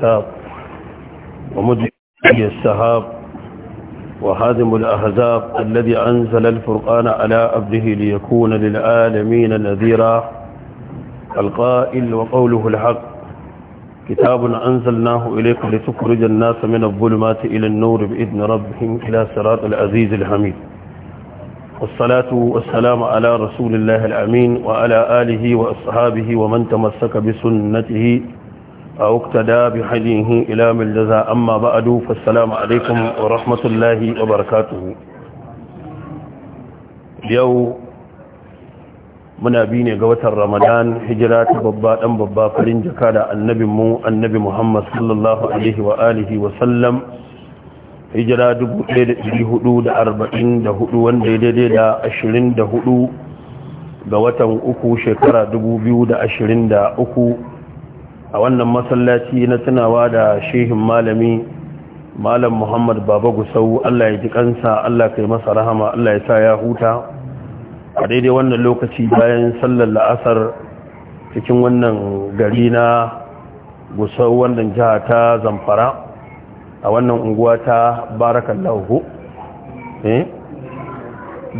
الكتاب ومدعي السحاب وهادم الأحزاب الذي أنزل الفرقان على أبده ليكون للعالمين نذيرا القائل وقوله الحق كتاب أنزلناه إليك لتخرج الناس من الظلمات إلى النور بإذن ربهم إلى صراط العزيز الحميد والصلاة والسلام على رسول الله الأمين وعلى آله وأصحابه ومن تمسك بسنته أو اقتدى بحديه إلى من الجزاء أما بعد فالسلام عليكم ورحمة الله وبركاته اليوم muna bi ne ga watan ramadan hijira ta babba ɗan babba farin jaka da annabin mu annabi muhammad sallallahu alaihi wa alihi wa sallam hijira 1444 wanda ya daidai da 24 ga watan uku shekara 2023 a wannan masallaci na tunawa da shehin malami malam muhammad baba gusau allah ya ji kansa allah kai masa rahama allah ya sa ya huta a daidai wannan lokaci bayan sallar la'asar cikin wannan gari na gusau wannan jiha ta zamfara a wannan unguwa ta Lahu, eh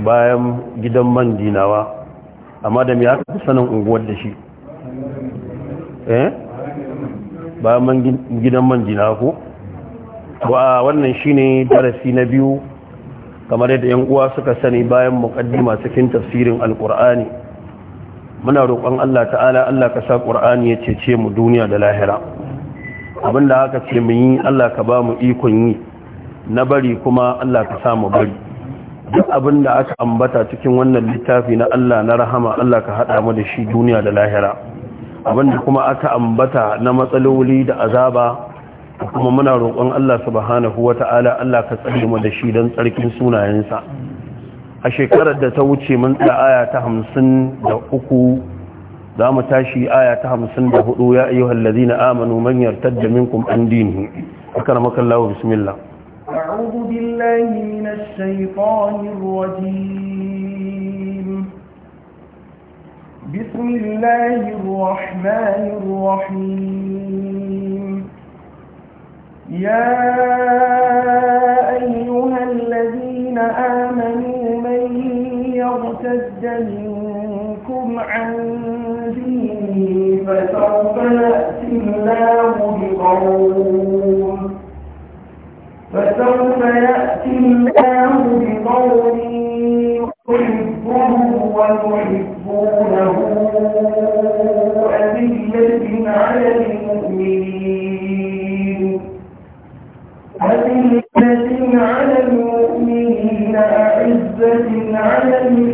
bayan gidan man dinawa amma da me aka sanin unguwar da shi eh bayan man gidan man jina ko wa wannan shine darasi na biyu kamar yadda yan uwa suka sani bayan muqaddima cikin tafsirin alqur'ani muna roƙon Allah ta'ala Allah ka sa qur'ani ya cece mu duniya da lahira abinda haka ce mu yi Allah ka ba mu ikon yi na bari kuma Allah ka sa mu bari duk abin da aka ambata cikin wannan littafi na Allah na rahama Allah ka haɗa mu da shi duniya da lahira abinda kuma aka ambata na matsaloli da azaba kuma muna roƙon Allah subhanahu wata'ala Allah ka tsare mu da shi don tsarkin sunayensa a shekarar da ta wuce mun da aya ta 53 za mu tashi aya ta hamsin da hudu ya ayyuhal ladina amanu man yartadda minkum an dinihi akramakum Allah bismillah a'udhu billahi minash shaitanir rajim بسم الله الرحمن الرحيم يا أيها الذين آمنوا من يرتد منكم عن دينه فسوف يأتي الله بقوم فسوف يأتي الله بقوم يحبه ويحبونه أذلة على المؤمنين أذلة على المؤمنين أعزة على المؤمنين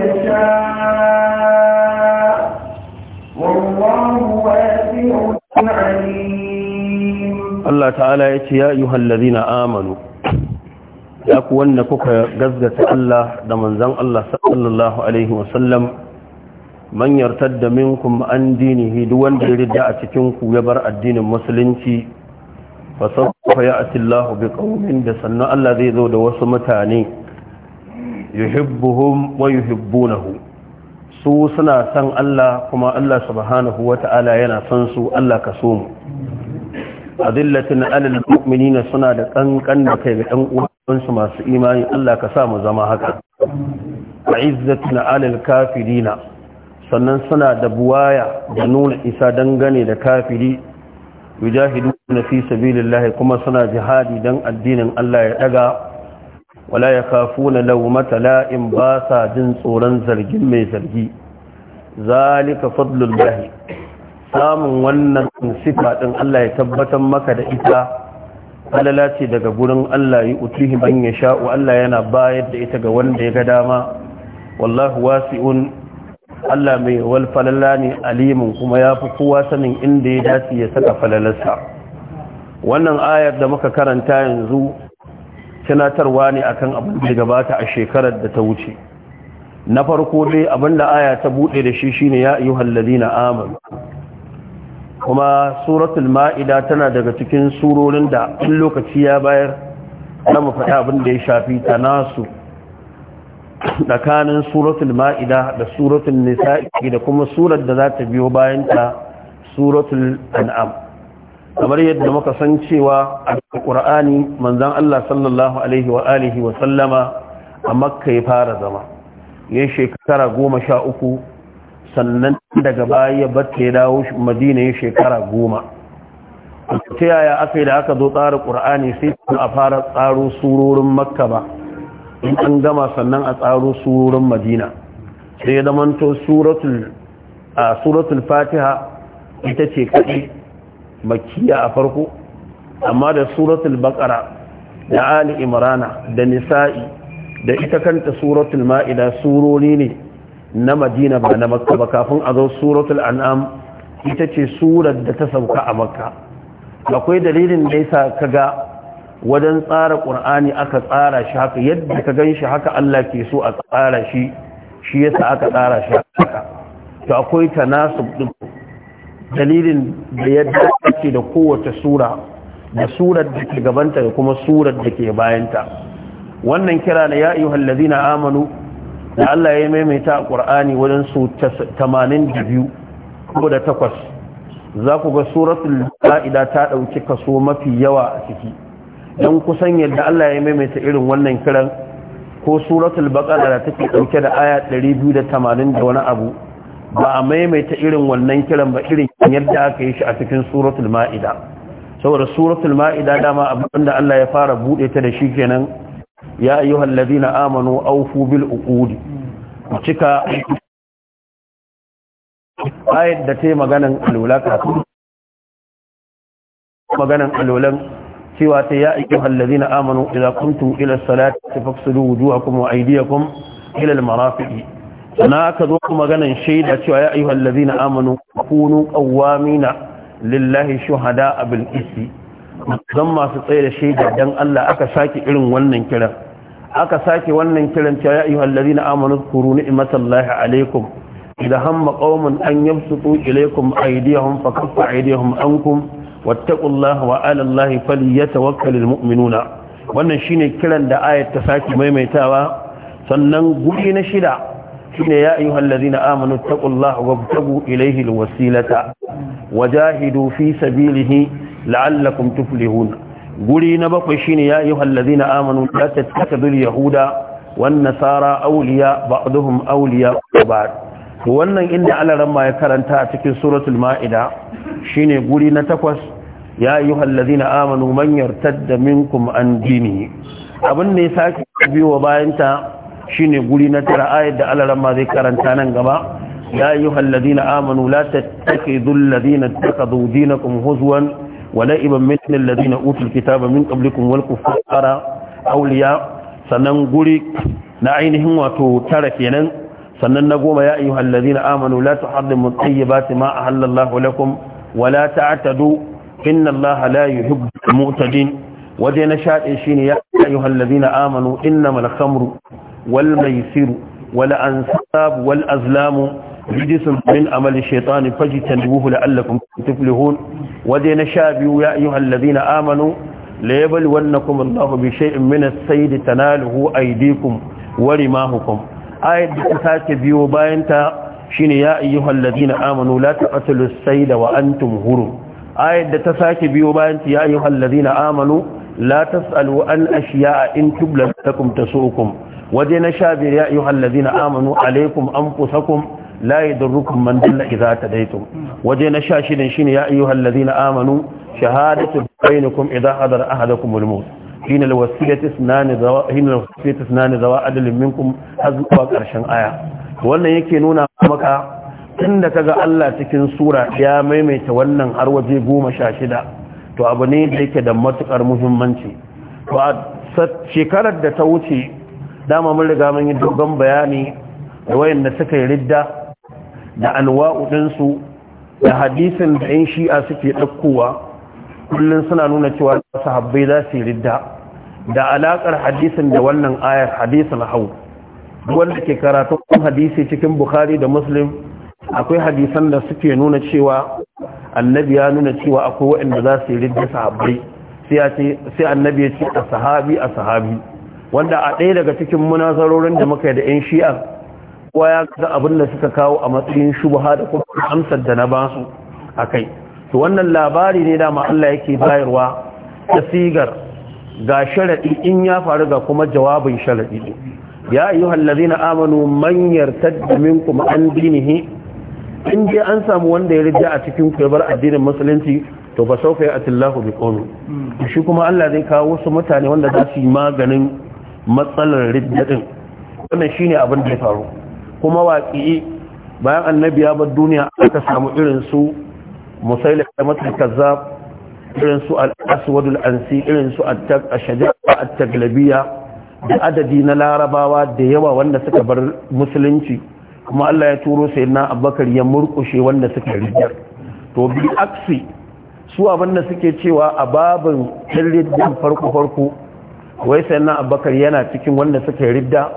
يشاء والله واسع عليم الله تعالى يتي يا أيها الذين ya ku wanda kuka gazgata Allah da manzan Allah sallallahu Alaihi wasallam man yartar minkum an dinihi duk wanda ya ridda a cikinku ya bar addinin musulunci fa sawfa ya'ti Allahu bi qaumin da sannan Allah zai zo da wasu mutane yuhibbuhum wa yuhibbunahu su suna san Allah kuma Allah subhanahu wata'ala yana san su Allah ka so mu adillatin alal mu'minina suna da kankan da kai ga dan uwansu masu imani Allah ka sa mu zama haka wa izzatin alal kafirina sannan suna da buwaya da nuna isa dangane da kafiri na fi sabilillah kuma suna jihadi dan addinin Allah ya daga wala ya kafu na laumata la'in ba sa jin tsoron zargin mai zargi zalika fadlul bahi samun wannan sifa ɗin Allah ya tabbatar maka da ita alala ce daga gurin Allah yi utihi ban ya sha'u Allah yana bayar da ita ga wanda ya ga dama wallahu wasi'un Allah mai wal falala ne alimin kuma ya fi kowa sanin inda ya dace ya saka falalarsa wannan ayar da muka karanta yanzu tunatarwa ne akan abin da gabata a shekarar da ta wuce na farko dai abin da aya ta buɗe da shi shine ya ayyuhal ladina amanu kuma suratul ma'ida tana daga cikin surorin da in lokaci ya bayar na mu abin da ya shafi tanasu tsakanin suratul ma'ida da suratul nisa'i da kuma surar da za ta biyo bayan ta suratul an'am kamar yadda muka san cewa a ƙur'ani manzan Allah sallallahu alaihi wa alihi wa sallama a makka ya fara zama ya shekara goma sha uku sannan daga baya batta ya dawo madina ya shekara goma ta yaya aka yi da aka zo tsara ƙur'ani sai a fara tsaro surorin makka ba in an gama sannan a tsaro surorin madina sai ya zamanto suratul fatiha ita ce kaɗai makiya a farko amma da suratul baqara da ali imrana da nisa'i da ita kanta suratul ma'ida surori ne na madina ba na makka ba kafin a zo suratul an'am ita ce surar da ta sauka a makka akwai dalilin da yasa kaga wajen tsara qur'ani aka tsara shi haka yadda ka ganshi haka Allah ke so a tsara shi shi yasa aka tsara shi haka to akwai tanasub din dalilin da ya dace da kowace sura da surar da ke gabanta da kuma surar da ke bayanta wannan kira na ya na amanu da Allah ya maimaita a ƙur'ani wajen su 82 ko da takwas za ku ga suratul kaida ta ɗauki kaso mafi yawa a ciki dan kusan yadda Allah ya maimaita irin wannan kiran ko suratul baqara da take ɗauke da aya 280 da wani abu ba a maimaita irin wannan kiran ba irin yadda aka yi shi a cikin suratul ma'ida saboda suratul ma'ida dama abinda Allah ya fara bude ta da shi kenan ya ayyuhal ladina amanu awfu bil uqudi cika ayat da tayi maganan alwala kafin maganan alwalan cewa ta ya ayyuhal ladina amanu idza kuntum ila salati fafsilu wujuhakum wa aydiyakum ila al marafiqi Na aka zo maganan shaida cewa ya ayyuhal ladina amanu kunu qawamina lillahi shuhada bil qisti zan masu tsaye da shaida dan Allah aka saki irin wannan kiran aka saki wannan kiran cewa ya ayyuhal ladina amanu kuru ni'matallahi alaikum idza hamma qaumun an yabsutu ilaykum aydiyahum fakaffa aydiyahum ankum wattaqullaha wa 'ala allahi falyatawakkalul mu'minuna wannan shine kiran da ayat ta saki maimaitawa sannan guri na shida shine ya ayyuhal ladina amanu taqullaha wabtagu ilaihi wasilata. wajahidu fi sabilihi la'allakum tuflihun guri na bakwai shine ya ayyuhal ladina amanu la tattakhidul yahuda wan nasara awliya ba'dhum awliya ba'd to wannan inda alaran ma ya karanta a cikin suratul ma'ida shine guri na takwas ya ayyuhal ladina amanu man yartadda minkum an dinihi abin ne sake biyo bayan ta shine guri na tara ayat da Allah ramma zai karanta nan gaba ya ayyuhal ladina amanu la tattakhidul ladina ittakhadhu dinakum huzwan wa la'iban min alladhina utul ba min qablikum wal kuffara awliya sannan guri na ainihin wato tara kenan sannan na goma ya ayyuhal ladina amanu la tuharrimu tayyibati ma ahallallahu lakum wa la ta'tadu inna allaha la yuhibbul mu'tadin waje na shaɗe shine ya ayyuhal ladina amanu innamal khamru wal maisiru wal ansab wal azlamu رجس من عمل الشيطان فاجتنبوه لعلكم تفلحون ودين شابيو يا أيها الذين آمنوا ليبلونكم الله بشيء من السيد تناله أيديكم ورماهكم آية تساك بيو باينتا شين يا أيها الذين آمنوا لا تقتلوا السيد وأنتم هرم آية تساك بيو باينتا يا أيها الذين آمنوا لا تسألوا عن أشياء إن تبلغ لكم تسوءكم waje na sha biyar ya ayyuhal ladina amanu alaikum anfusakum la yadurrukum man dalla idza tadaytum waje na sha shidan shine ya ayyuhal ladina amanu shahadatu bainakum idza hadara ahadakum al-maut hina alwasiyati isnani zawa hina alwasiyati isnani zawa adalin minkum hazwa karshen aya wannan yake nuna maka tunda kaga Allah cikin sura ya maimaita wannan har waje 16 to abu ne da yake da matukar muhimmanci to a shekarar da ta wuce dama mun riga mun yi dogon bayani da wayanda suka yi ridda da anwa'u ɗinsu da hadisin da 'yan shi'a suke ɗaukowa kullum suna nuna cewa sahabbai za su yi ridda da alaƙar hadisin da wannan ayar hadisin hau wanda ke karatun hadisi cikin bukhari da muslim akwai hadisan da suke nuna cewa annabi ya nuna cewa akwai waɗanda za su yi ridda sahabbai sai annabi ya ce a sahabi a sahabi wanda a ɗaya daga cikin munazarorin da muka yi da 'yan shi'ar, kowa ya ga abin da suka kawo a matsayin shubha da kuma amsar da na ba su a kai to wannan labari ne dama Allah yake bayarwa ta sigar ga sharaɗi in ya faru ga kuma jawabin sharaɗi ne ya yi hallazi na amanu manyar taddamin kuma an dinihi in je an samu wanda ya rija a cikin kwaibar addinin musulunci to ba sau a tillahu bi shi kuma Allah zai kawo wasu mutane wanda za su yi maganin matsalar riddadin wannan shine abin da ya faru kuma waƙi bayan annabi ya bar duniya aka samu irin su musailu da matar kazzab irin su al ansi irin su ash-shaja'a at da adadi na larabawa da yawa wanda suka bar musulunci kuma Allah ya turo sayyidina Abubakar ya murkushe wanda suka riddar to bi aksi su abin da suke cewa a babin riddadin farko farko wai sannan abubakar yana cikin wanda suka yi ridda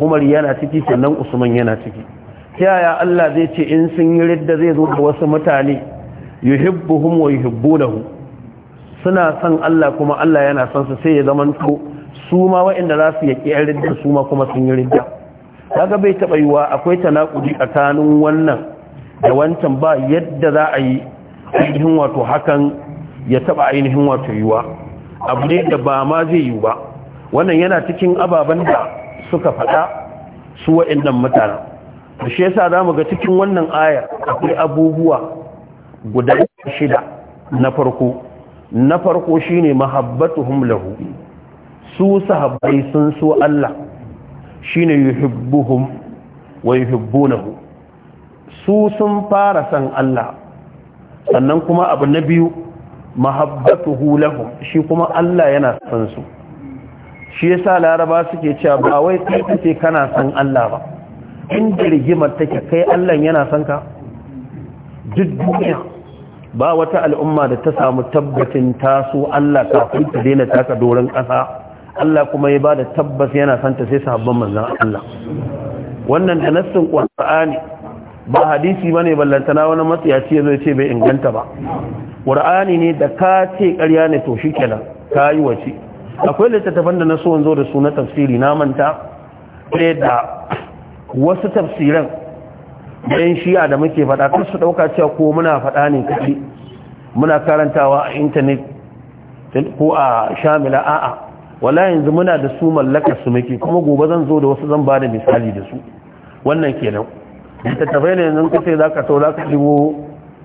umar yana ciki sannan usman yana ciki ta yaya allah zai ce in sun yi ridda zai zo da wasu mutane yuhibbuhum wa yuhibbunahu suna son allah kuma allah yana son su sai ya zaman to su ma waɗanda za su yaƙi yan ridda su ma kuma sun yi ridda kaga bai taba yiwa akwai tanakuji tsakanin wannan da wancan ba yadda za a yi ainihin wato hakan ya taba ainihin wato yiwa abu ne da ba ma zai yi ba wannan yana cikin ababen da suka faɗa su waɗannan mutane da shi yasa za mu ga cikin wannan Aya akwai abubuwa guda shida na farko na farko shine mahabbatuhum lahu su sahabbai sun so Allah shine yuhibbuhum wa yuhibbunahu su sun fara san Allah sannan kuma abu na biyu mahabbatuhu lahum shi kuma Allah yana san su shi yasa laraba suke cewa ba wai kai kace kana san Allah ba in rigimar take kai Allah yana san ka duk duniya ba wata al'umma da ta samu tabbacin taso Allah kafin ta daina taka doron kasa Allah kuma ya bada tabbas yana san ta sai sahabban manzon Allah wannan da nassin Qur'ani ba hadisi bane ballantana wani matsiyaci yazo ya ce bai inganta ba ƙur'ani ne da ka ce ƙarya ne to shi kenan ka yi wace akwai littattafan da na so wanzo da su na tafsiri na manta ɗaya da wasu tafsiran ɗayan shi'a da muke faɗa kan su ɗauka cewa ko muna faɗa ne kaɗi muna karantawa a intanet ko a shamila a'a wala yanzu muna da su mallaka su muke kuma gobe zan zo da wasu zan ba misali da su wannan kenan littattafai ne yanzu kace za ka sau za ka ɗigo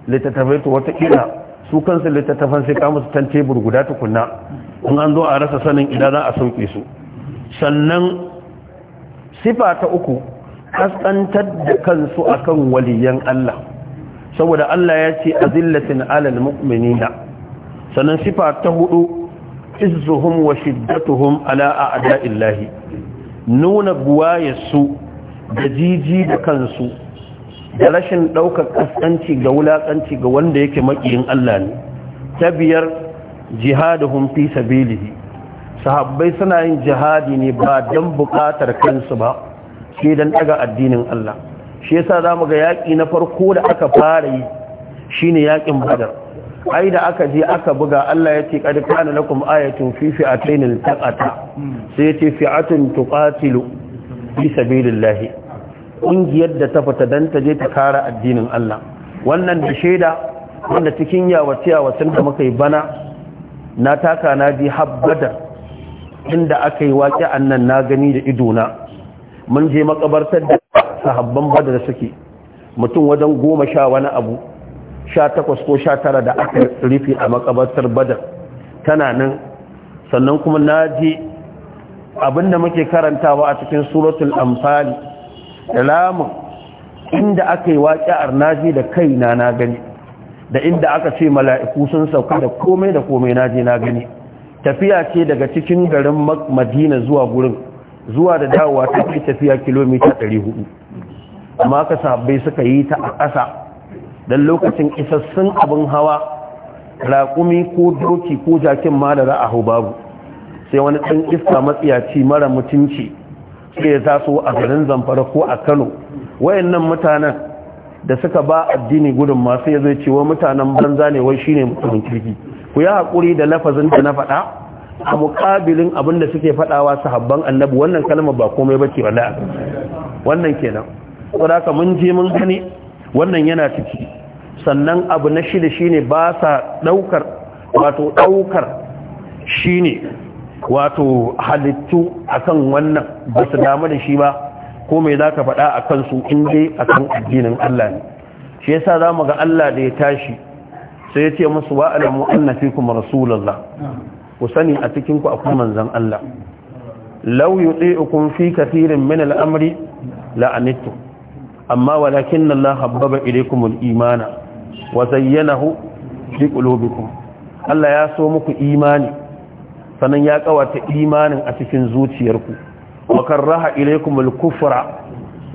littattafai to wataƙila su kansu littattafan sai ka su tebur guda tukunna in an zo a rasa sanin idan za a sauke su sannan sifa ta uku kaskantar da kansu akan waliyan Allah saboda Allah ya ce a zillatin alal mu'minina sannan sifa ta hudu izuhun wa a ala lahi. nuna buwayarsu da jiji da kansu da rashin ɗaukar ƙasƙanci ga wulaƙanci ga wanda yake maƙiyin Allah ne ta biyar jihaduhum fi sabilihi sahabbai suna yin jihadi ne ba don buƙatar kansu ba sai don ɗaga addinin Allah shi yasa zamu ga yaƙi na farko da aka fara yi ne yaƙin Badar ai da aka je aka buga Allah ya ce qad kana kuma ayatun fi fi'atayn taƙata sai ya ce fi'atun tuƙatilu fi sabilillahi ƙungiyar da ta fita don ta je ta kara addinin Allah wannan da shaida wanda cikin yawace wasan da muka yi bana na taka na ji habbadar inda aka yi waƙi annan na gani da idona mun je makabartar da sahabban badar suke mutum wajen goma sha wani abu sha takwas ko sha tara da aka rufe a makabartar badar tana nan sannan kuma na je abinda muke karantawa a cikin suratul amfani salamun inda aka yi waƙi'ar je da kai na gani da inda aka ce mala'iku sun sauka da komai da komai na je na gani tafiya ce daga cikin garin madina zuwa gurin zuwa da dawowa ta fi tafiya kilomita 400 amma aka sabai suka yi ta a ƙasa don lokacin isassun abin hawa raƙumi ko doki ko jakin ma da za a hau babu sai wani ɗan iska matsiyaci mara mutunci sai ya taso a garin zamfara ko a kano wayannan mutanen da suka ba addini gudun masu ya zai cewa mutanen banza ne wai shine mutumin kirki ku yi haƙuri da lafazin da na faɗa a muƙabilin abin da suke faɗawa habban annabi wannan kalmar ba komai bace wala wannan kenan saboda mun je mun gani wannan yana ciki sannan abu na shida shine ba sa ɗaukar wato ɗaukar shine wato halittu akan wannan ba su damu da shi ba ko mai za ka faɗa a kansu in dai a kan addinin Allah ne shi yasa za mu ga Allah da ya tashi sai ya ce musu wa alamu anna fikum rasulullah ku sani a cikin ku akwai manzon Allah law yuti'ukum fi kathirin min al-amri la'anittu amma walakin Allah habbaba ilaykum al-imana wa zayyanahu fi qulubikum Allah ya so muku imani sannan ya kawata imanin a cikin zuciyarku wa karaha ilaykum kufra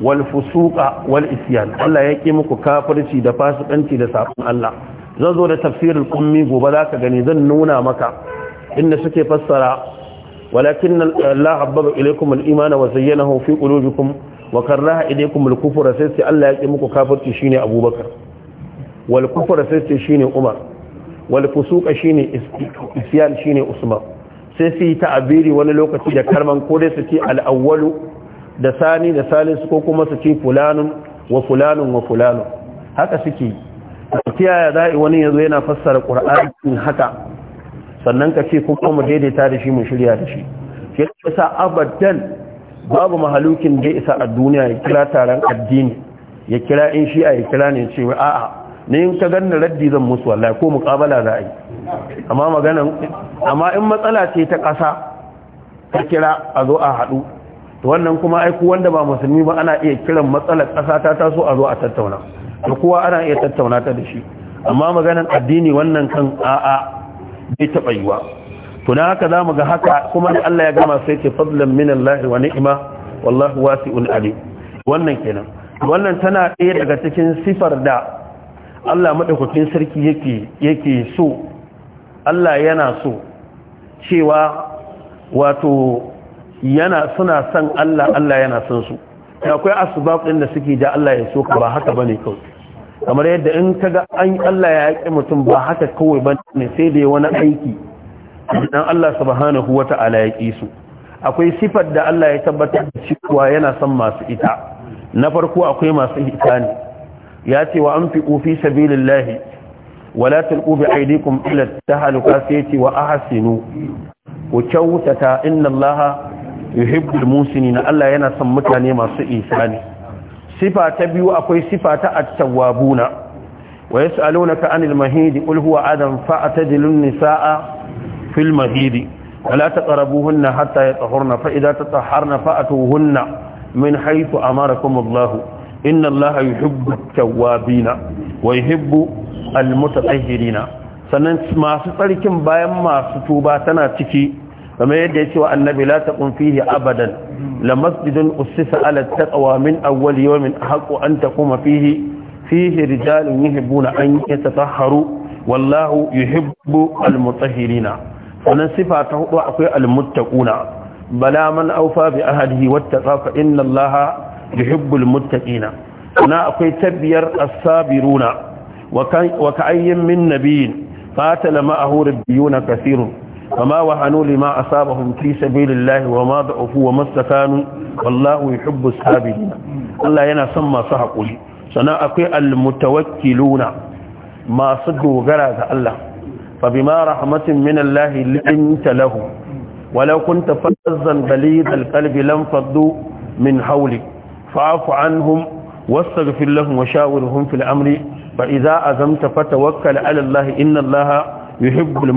wal fusuqa wal isyan Allah ya ki muku kafirci da fasikanci da sabon Allah zan zo da tafsirul ummi gobe zaka gani zan nuna maka inda suke fassara walakin Allah habbaba ilaykum al-imana wa zayyanahu fi qulubikum wa karaha ilaykum al-kufra sai sai Allah ya ki muku kafirci shine Abubakar wal kufra sai sai shine Umar wal fusuqa shine isyan shine Usman sai su yi ta'abiri wani lokaci da karman ko dai su ce al'awwalu da sani da salisu ko kuma su ce fulanun wa fulanun wa fulanun haka suke yi ta yaya za'i wani yanzu yana fassara ƙura'akin haka sannan ka ce kuma mu daidaita da shi mu shirya da shi shi yasa abadan babu mahalukin da isa a duniya ya kira taron addini ya kira in shi a ya kira ne ce a'a ne in ka ganna raddi zan musu wallahi ko muƙabala za a yi amma maganan amma in matsala ce ta ƙasa ta kira a zo a haɗu to wannan kuma aiku wanda ba musulmi ba ana iya kiran matsalar ƙasa ta taso a zo a tattauna da kowa ana iya tattauna ta da shi amma maganan addini wannan kan a'a bai taɓa yiwa to na haka za mu ga haka kuma da Allah ya gama sai ce fadlan min Allah wa ni'ima wallahu wasi'un alim wannan kenan wannan tana ɗaya daga cikin sifar da Allah madaukakin sarki yake yake so Allah yana so cewa wato yana suna son Allah Allah yana son su akwai asbab din da suke da Allah ya so ba haka bane kawai kamar yadda in kaga an Allah ya yake mutum ba haka kawai bane sai da wani aiki dan Allah subhanahu wata'ala ya yi su akwai sifar da Allah ya tabbatar da cewa yana son masu ita na farko akwai masu ita ne. ya ce wa anfiqu fi sabilillahi wala tulqu bi aydikum ila tahaluka sayati wa ahsinu ku kyautata inna allaha yuhibbul musinina Allah yana son mutane masu isani sifa ta biyu akwai sifa ta at-tawwabuna wa yas'alunaka anil mahidi qul huwa adam fa'tadilun nisaa fil mahidi ولا تقربوهن حتى يطهرن فإذا تطهرن فأتوهن من حيث أمركم الله inna allaha yuhibbu tawabina, wa yuhibbu almutatahhirina sannan masu tsarkin bayan masu tuba tana ciki kamar yadda ya ce wa annabi la taqum fihi abadan la masjidun ussisa ala taqwa min awwal yawmin ahqqu an taquma fihi fihi rijalun yuhibbuna an yatatahharu wallahu yuhibbu almutahhirina Sannan sifa ta hudu akwai almuttaquna bala man awfa bi ahdihi wattaqa fa inna allaha yuhibbul muttaqina na akwai tabbiyar as-sabiruna wa ka'ayyin min nabiyyin qatala ma'ahu rabbiyuna kaseerun فما وهنوا لما أصابهم في سبيل الله وما ضعفوا وما استكانوا والله يحب الصابرين الله ينا سمى صحقه سنا أقي المتوكلون ما صدوا غرز الله فبما رحمة من الله لأنت له ولو كنت فزا بليد القلب لم فضوا من حولك fa'fu anhum wastaghfir lahum wa shawirhum fil amri fa idza azamta fatawakkal ala Allah inna Allah yuhibbul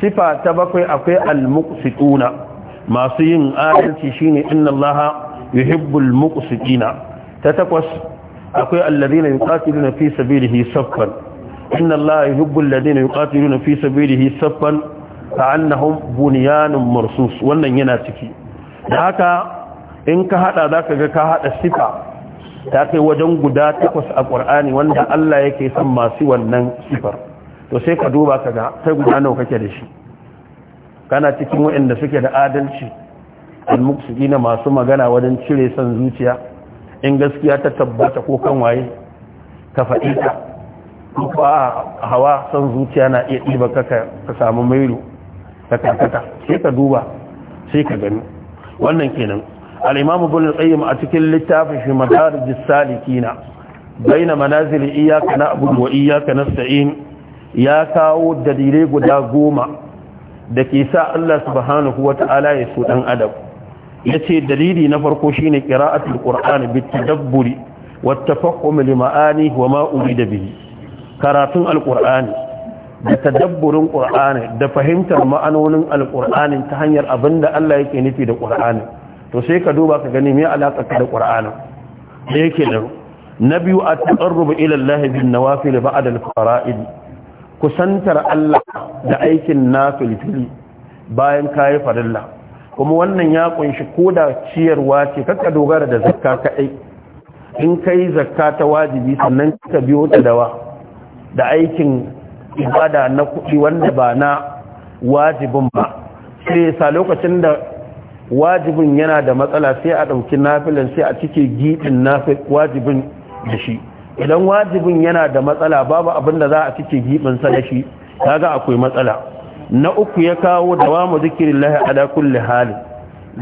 sifa ta bakwai akwai al-muqsituna masu yin adalci shine inna Allah yuhibbul ta takwas akwai alladhina yuqatiluna fi sabilihi saffan inna Allah yuhibbul ladina yuqatiluna fi sabilihi saffan ka'annahum bunyanun wannan yana ciki da haka in ka hada za ka ga ka hada sifa ta kai wajen guda takwas a ƙwar'ani wanda Allah yake son masu wannan sifar to sai ka duba ka ga kai guda nawa kake da shi kana cikin waɗanda suke da adalci almuksuki na masu magana wajen cire son zuciya in gaskiya ta tabbata ko kan waye ka faɗi ta ko hawa son zuciya na iya ɗiba ka samu mailu ka karkata sai ka duba sai ka gani wannan kenan al-imam ibn a cikin littafin shi madarij as na. baina manazil iyyaka abu wa iyyaka sa'in ya kawo dalilai guda goma da ke sa Allah subhanahu wata'ala ya so ɗan adam yace dalili na farko shine qira'atul qur'an bit bitta dabburi wata li ma'anihi wa ma da bihi karatun al da tadabburin ƙur'ani da fahimtar ma'anonin alƙur'ani ta hanyar abin da Allah yake nufi da ƙur'ani to sai ka duba ka gani me alaƙa ka da qur'ani da yake da na biyu a taqarrubu ila Allah bin nawafil ba'da al-fara'id kusantar Allah da aikin fili-fili bayan kai farilla kuma wannan ya kunshi koda ciyarwa ce ka dogara da zakka kaɗai in kai zakka ta wajibi sannan ka biyo ta dawa da aikin ibada na kuɗi wanda ba na wajibin ba sai sa lokacin da wajibin yana da matsala sai a ɗauki nafilan sai a cike giɓin wajibin da shi idan wajibin yana da matsala babu abin da za a cike giɓinsa da shi kaga akwai matsala na uku ya kawo dawamu zikirin lahi ala kulli hali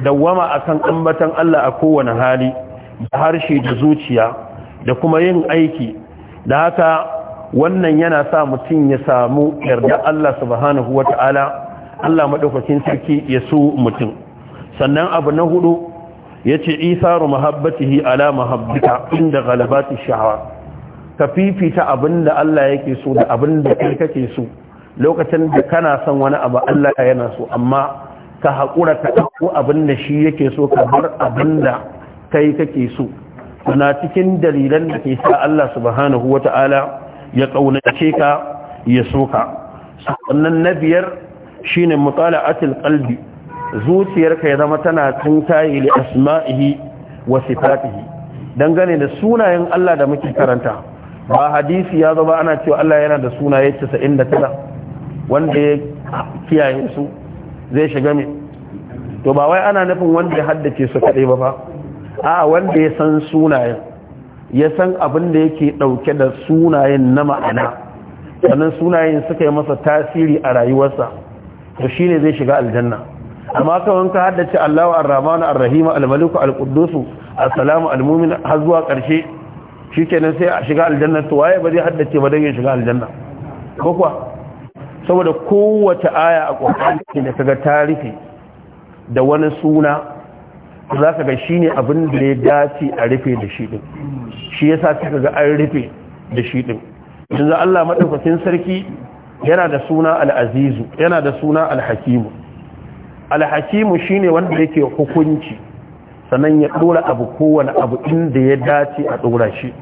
dawama akan ambatan Allah a kowane hali da harshe da zuciya da kuma yin aiki da haka wannan yana sa mutum ya samu yarda Allah subhanahu wata'ala Allah madaukakin sarki ya so mutum sannan abu na hudu ya ce isaru mahabbatihi ala mahabbita inda galabati shahawa ka fifita abin da Allah yake so da abin da kai kake so lokacin da kana son wani abu Allah yana so amma ka haƙura ka ɗauko abin da shi yake so ka bar abin da kai kake so ana cikin dalilan da ke sa Allah subhanahu wata'ala ya ƙaunace ka ya so ka sannan na biyar shine mutala'atul qalbi zuciyarka ya zama tana tuntaye li asma'ihi wa sifatihi dangane da sunayen Allah da muke karanta ba hadisi ya zama ana cewa Allah yana da sunaye 99 wanda ya kiyaye su zai shiga mai to ba wai ana nufin wanda ya haddace su kaɗai ba fa a wanda ya san sunayen ya san abin da yake ɗauke da sunayen na ma'ana sannan sunayen suka yi masa tasiri a rayuwarsa to shine zai shiga aljanna amma kawai ka haddace Allahu Ar-Rahman Ar-Rahim al maliku Al-Quddus Assalamu Al-Mu'min har zuwa karshe shikenan sai a shiga aljanna to waye ba zai haddace ba dan ya shiga aljanna ko kuwa saboda kowace aya a Qur'ani da kaga tarihi da wani suna za ka ga shine abin da ya dace a rufe da shi din shi yasa kika ga an rufe da shi din yanzu Allah madaukakin sarki yana da suna Al-Azizu yana da suna Al-Hakimu alhakimu shine wanda yake hukunci sannan ya dora abu kowane abu inda ya dace a dora shi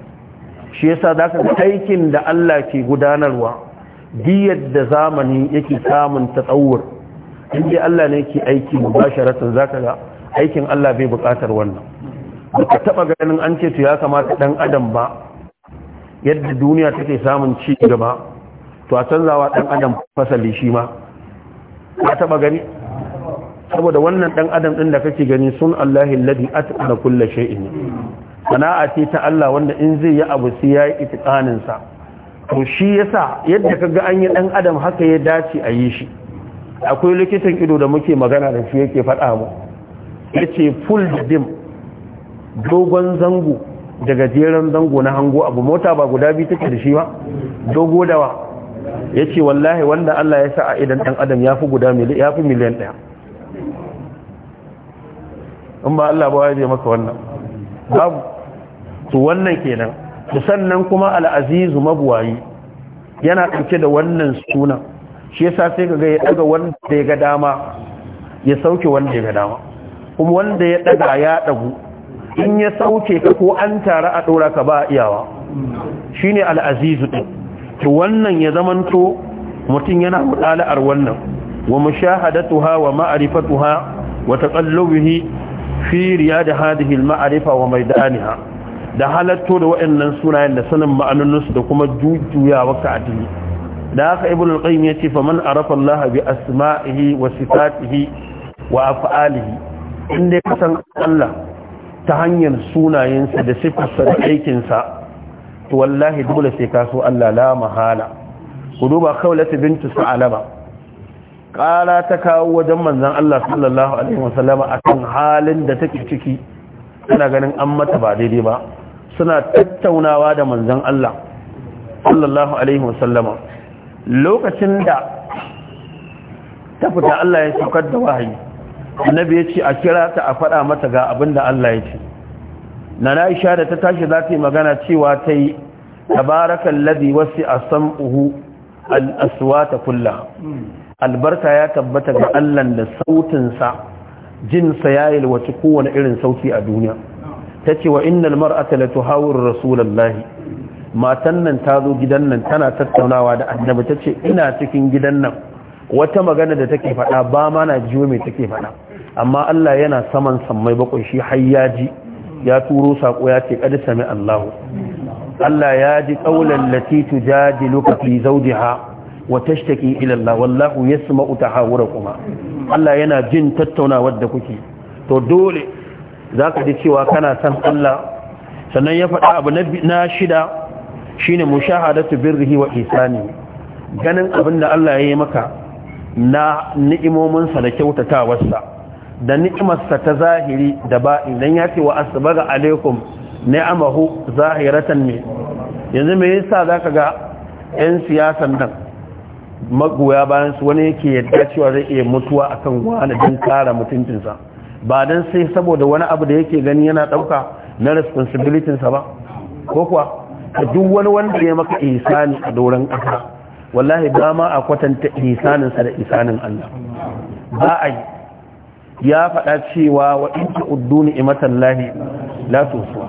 shi yasa zaka ga aikin da Allah ke gudanarwa diyar da zamani yake samun tatsawur inda Allah ne yake aiki mubasharatan zaka ga aikin Allah bai bukatar wannan baka taba ganin an ce to ya kamata dan adam ba yadda duniya take samun ci gaba to a canzawa dan adam fasali shi ma ka taba gani saboda wannan dan adam din da kake gani sun Allahi alladhi atqa kull shay'in sana'a ce ta Allah wanda in zai yi abu sai yayi itqanin sa to shi yasa yadda kaga an yi dan adam haka ya dace a yi shi akwai likitan ido da muke magana da shi yake fada mu yace full dim dogon zango da gajeren zango na hango abu mota ba guda biyu take da shi ba dogo dawa yace wallahi wanda Allah ya sa a idan dan adam fi guda miliyan fi miliyan ɗaya in ba Allah ba ya je maka wannan babu to wannan kenan sannan kuma al'azizu mabuwayi yana dauke da wannan suna shi yasa sai ga ya daga wanda ya ga dama ya sauke wanda ya ga dama kuma wanda ya daga ya dagu in ya sauke ka ko an tare a ɗora ka ba iyawa shine al'azizu din to wannan ya zamanto mutum yana mutala'ar wannan wa mushahadatuha wa ma'rifatuha wa taqallubihi fi riyad hadhihi al-ma'rifa wa maidaniha da halatto da waɗannan sunayen da sanin ma'anoninsu da kuma jujuyawa ka addini da haka ibn al-qayyim yace faman arafa Allah bi asma'ihi wa sifatihi wa af'alihi inda ka san Allah ta hanyar sunayensa da sifarsa da aikinsa, to wallahi dole sai ka so Allah la mahala ku duba khawlat bint sa'alaba ƙara ta kawo wajen manzan Allah sallallahu alaihi wasallama akan halin da take ciki suna ganin an mata ba daidai ba suna tattaunawa da manzan Allah sallallahu alaihi wasallama lokacin da ta fita Allah ya saukar da wahayi annabi ya ce a kira ta a faɗa mata ga abin da Allah ya ce na Aisha da ta tashi za ta yi magana cewa ta yi tabarakan ladi wasu a uhu alasuwa ta kulla hmm. albarka ya tabbata ga Allah da sautinsa jinsa ya yi yalwaci kowane irin sauti a duniya ta ce wa innal mar'ata la tuhawir rasulullahi matan nan ta zo gidan nan tana tattaunawa da annabi ta ce ina cikin gidan nan wata magana da take faɗa ba ma na ji mai take faɗa amma Allah yana saman sammai bakwai shi har ya ji ya turo sako ya ce qad sami Allahu Allah ya ji qaulan lati tujadiluka fi zawjiha wa tashtaki ila Allah wallahu yasma'u kuma. Allah yana jin tattaunawar da kuke to dole zaka ji cewa kana san Allah sannan ya faɗa abu na shida shine mushahadatu birrihi wa ihsani ganin abin da Allah ya yi maka na ni'imominsa da kyautatawarsa da ni'imarsa ta zahiri da ba'i dan ya ce wa asbaga alaikum ni'amahu zahiratan ne yanzu me yasa zaka ga 'yan siyasan nan magoya bayan su wani yake yadda cewa zai iya mutuwa kan kan don kara mutuncinsa ba don sai saboda wani abu da yake gani yana ɗauka na responsibilitinsa ba ko kuwa a duk wani wanda ya maka isani a doron ƙasa wallahi ba ma a kwatanta isaninsa da isanin Allah ba a ya faɗa cewa wa in ta'uddu ni'matan lahi la tusuwa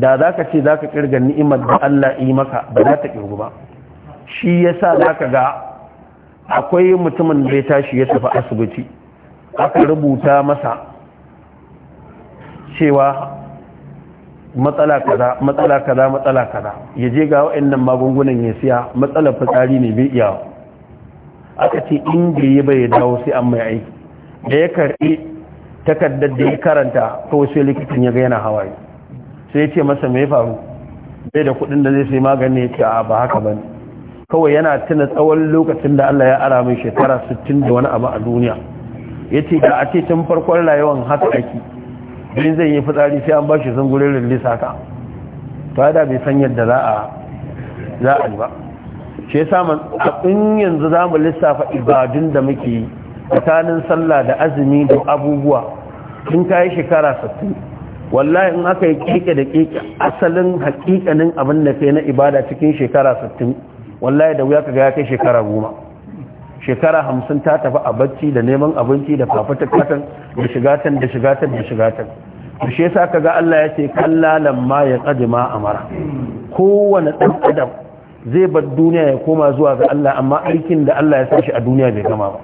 da za ka ce za ka kirga ni'imar da Allah yi maka ba za ta kirgu ba shi yasa ka ga akwai mutumin da ya tashi ya tafi asibiti aka rubuta masa cewa matsala kaza matsala kaza matsala kaza ya je ga wa'annan magungunan ya siya matsalar fitsari ne bai iya aka ce in da ya bai dawo sai an mai aiki da ya karɓi takardar da ya karanta to sai likitan ya ga yana hawaye sai ya ce masa me faru bai da kuɗin da zai sai magani ya ce a ba haka bane kawai yana tuna tsawon lokacin da Allah ya ara mai shekara 60 da wani abu a duniya Ya ce da a ce tun farkon rayuwar haka ake din zai yi fitsari sai an bashi gurin rilisa ka ta da bai san yadda za a za a ba shi ya man abin yanzu za mu lissafa ibadun da muke yi tsakanin sallah da azumi da abubuwa tun kayi shekara 60 wallahi in aka yi keke da keke asalin hakikanin abin da kai na ibada cikin shekara 60 wallahi da wuya kaga ya kai shekara goma shekara hamsin ta tafi a bacci da neman abinci da fafatar katan da shigatan da shigatan da shigatan shi yasa kaga Allah ya ce kallalan ma ya a amara kowane dan adam zai bar duniya ya koma zuwa ga Allah amma aikin da Allah ya sa shi a duniya bai gama ba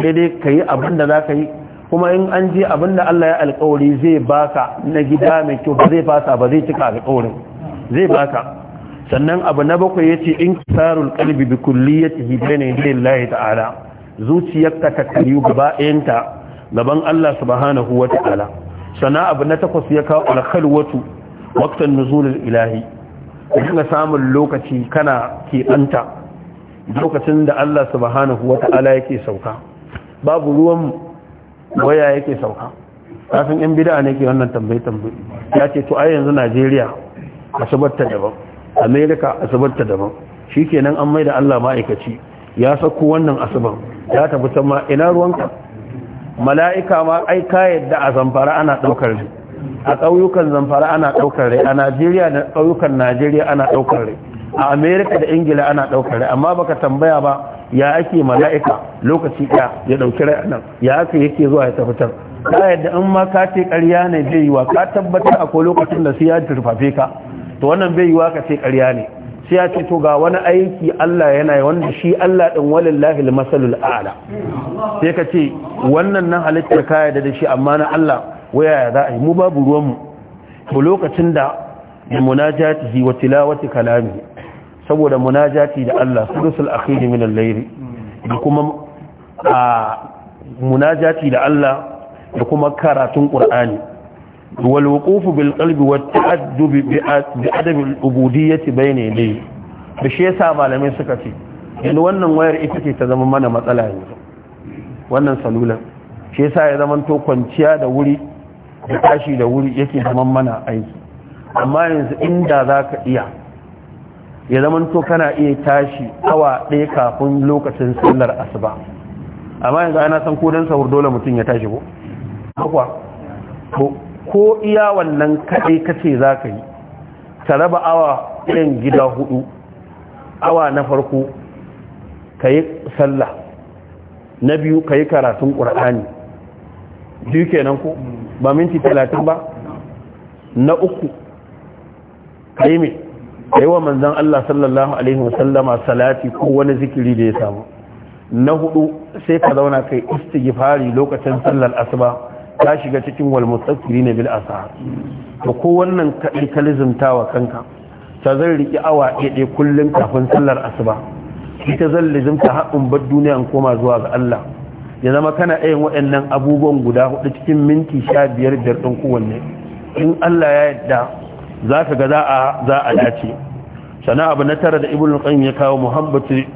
sai dai yi abin da zaka yi kuma in an je abin da Allah ya alƙawari zai baka na gida mai kyau ba zai fasa ba zai cika alƙawarin zai baka sannan abu na bakwai yace in kisarul kalbi bi kulliyatihi bayna lillahi ta'ala zuciyarka ta kariyu gaba ɗayanta gaban Allah subhanahu wa ta'ala sana abu na takwas ya kawo waktan waqtan nuzulil ilahi kuma samun lokaci kana keɓanta lokacin da Allah subhanahu wa ta'ala yake sauka babu ruwan waya yake sauka kafin yan bid'a ne ke wannan tambaye tambaye ya ce to ai yanzu Najeriya asabar ta daban america ta daban shi kenan an maida allah ma'aikaci ya sako wannan asibar ya tafi can ma ina ruwanka mala'ika ma ai yadda a zamfara ana daukar rai a ƙauyukan zamfara ana daukar rai a najeriya da ƙauyukan najeriya ana daukar rai a amerika da ingila ana daukar rai amma baka tambaya ba ya ake mala'ika lokaci ɗaya ya ɗauki rai nan ya aka yake zuwa ya tafitar ta yadda in ma ka ce ƙarya ne zai yi wa ka tabbatar akwai lokacin da su ya turfafe ka to wannan bai yiwa waka sai ƙarya ne sai a ce to ga wani aiki Allah yana yawan da shi Allah walin walillahi masalul a'la sai ka ce wannan nan halittar kaya da shi amma na Allah waya ya za a yi mu babu ruwan mu to lokacin da munajati wa tilawati kalami saboda munajati da Allah sulusul akhir min minan layl da kuma munajati da Allah da kuma karatun ƙur'ani والوقوف بالقلب bil بأدب wat بين يدي adab سابع لمن سكتي yadayhi da shi suka ce yanzu wannan wayar ita ce ta zama mana matsala yanzu wannan salulan shi yasa ya aiki amma yanzu inda zaka iya ya zaman kana iya tashi awa ɗaya kafin lokacin sallar asuba amma yanzu ana san kodon sahur dole mutum ya tashi ko? akwa ko ko iya wannan kaɗai kace za ka yi ta raba awa irin gida hudu awa na farko ka yi sallah na biyu ka yi karatun ƙura'ani biyu kenan ko ba minti talatin ba na uku ka yi mai wa manzan Allah sallallahu Alaihi wasallama salati ko wani zikiri da ya samu na hudu sai ka zauna kai istighfari lokacin sallar asuba Ta shiga cikin wal ne bil asahar to ko wannan kaɗai ta wa kanka ta zan riƙi awa ɗaya kullum kafin sallar asuba ita zan lizumta haɗin bar duniya koma zuwa ga Allah ya zama kana ɗayan waɗannan abubuwan guda hudu cikin minti sha biyar biyar ɗin kowanne in Allah ya yadda za ka ga za a dace sana abu na tara da ibn qayyim ya kawo muhabbatu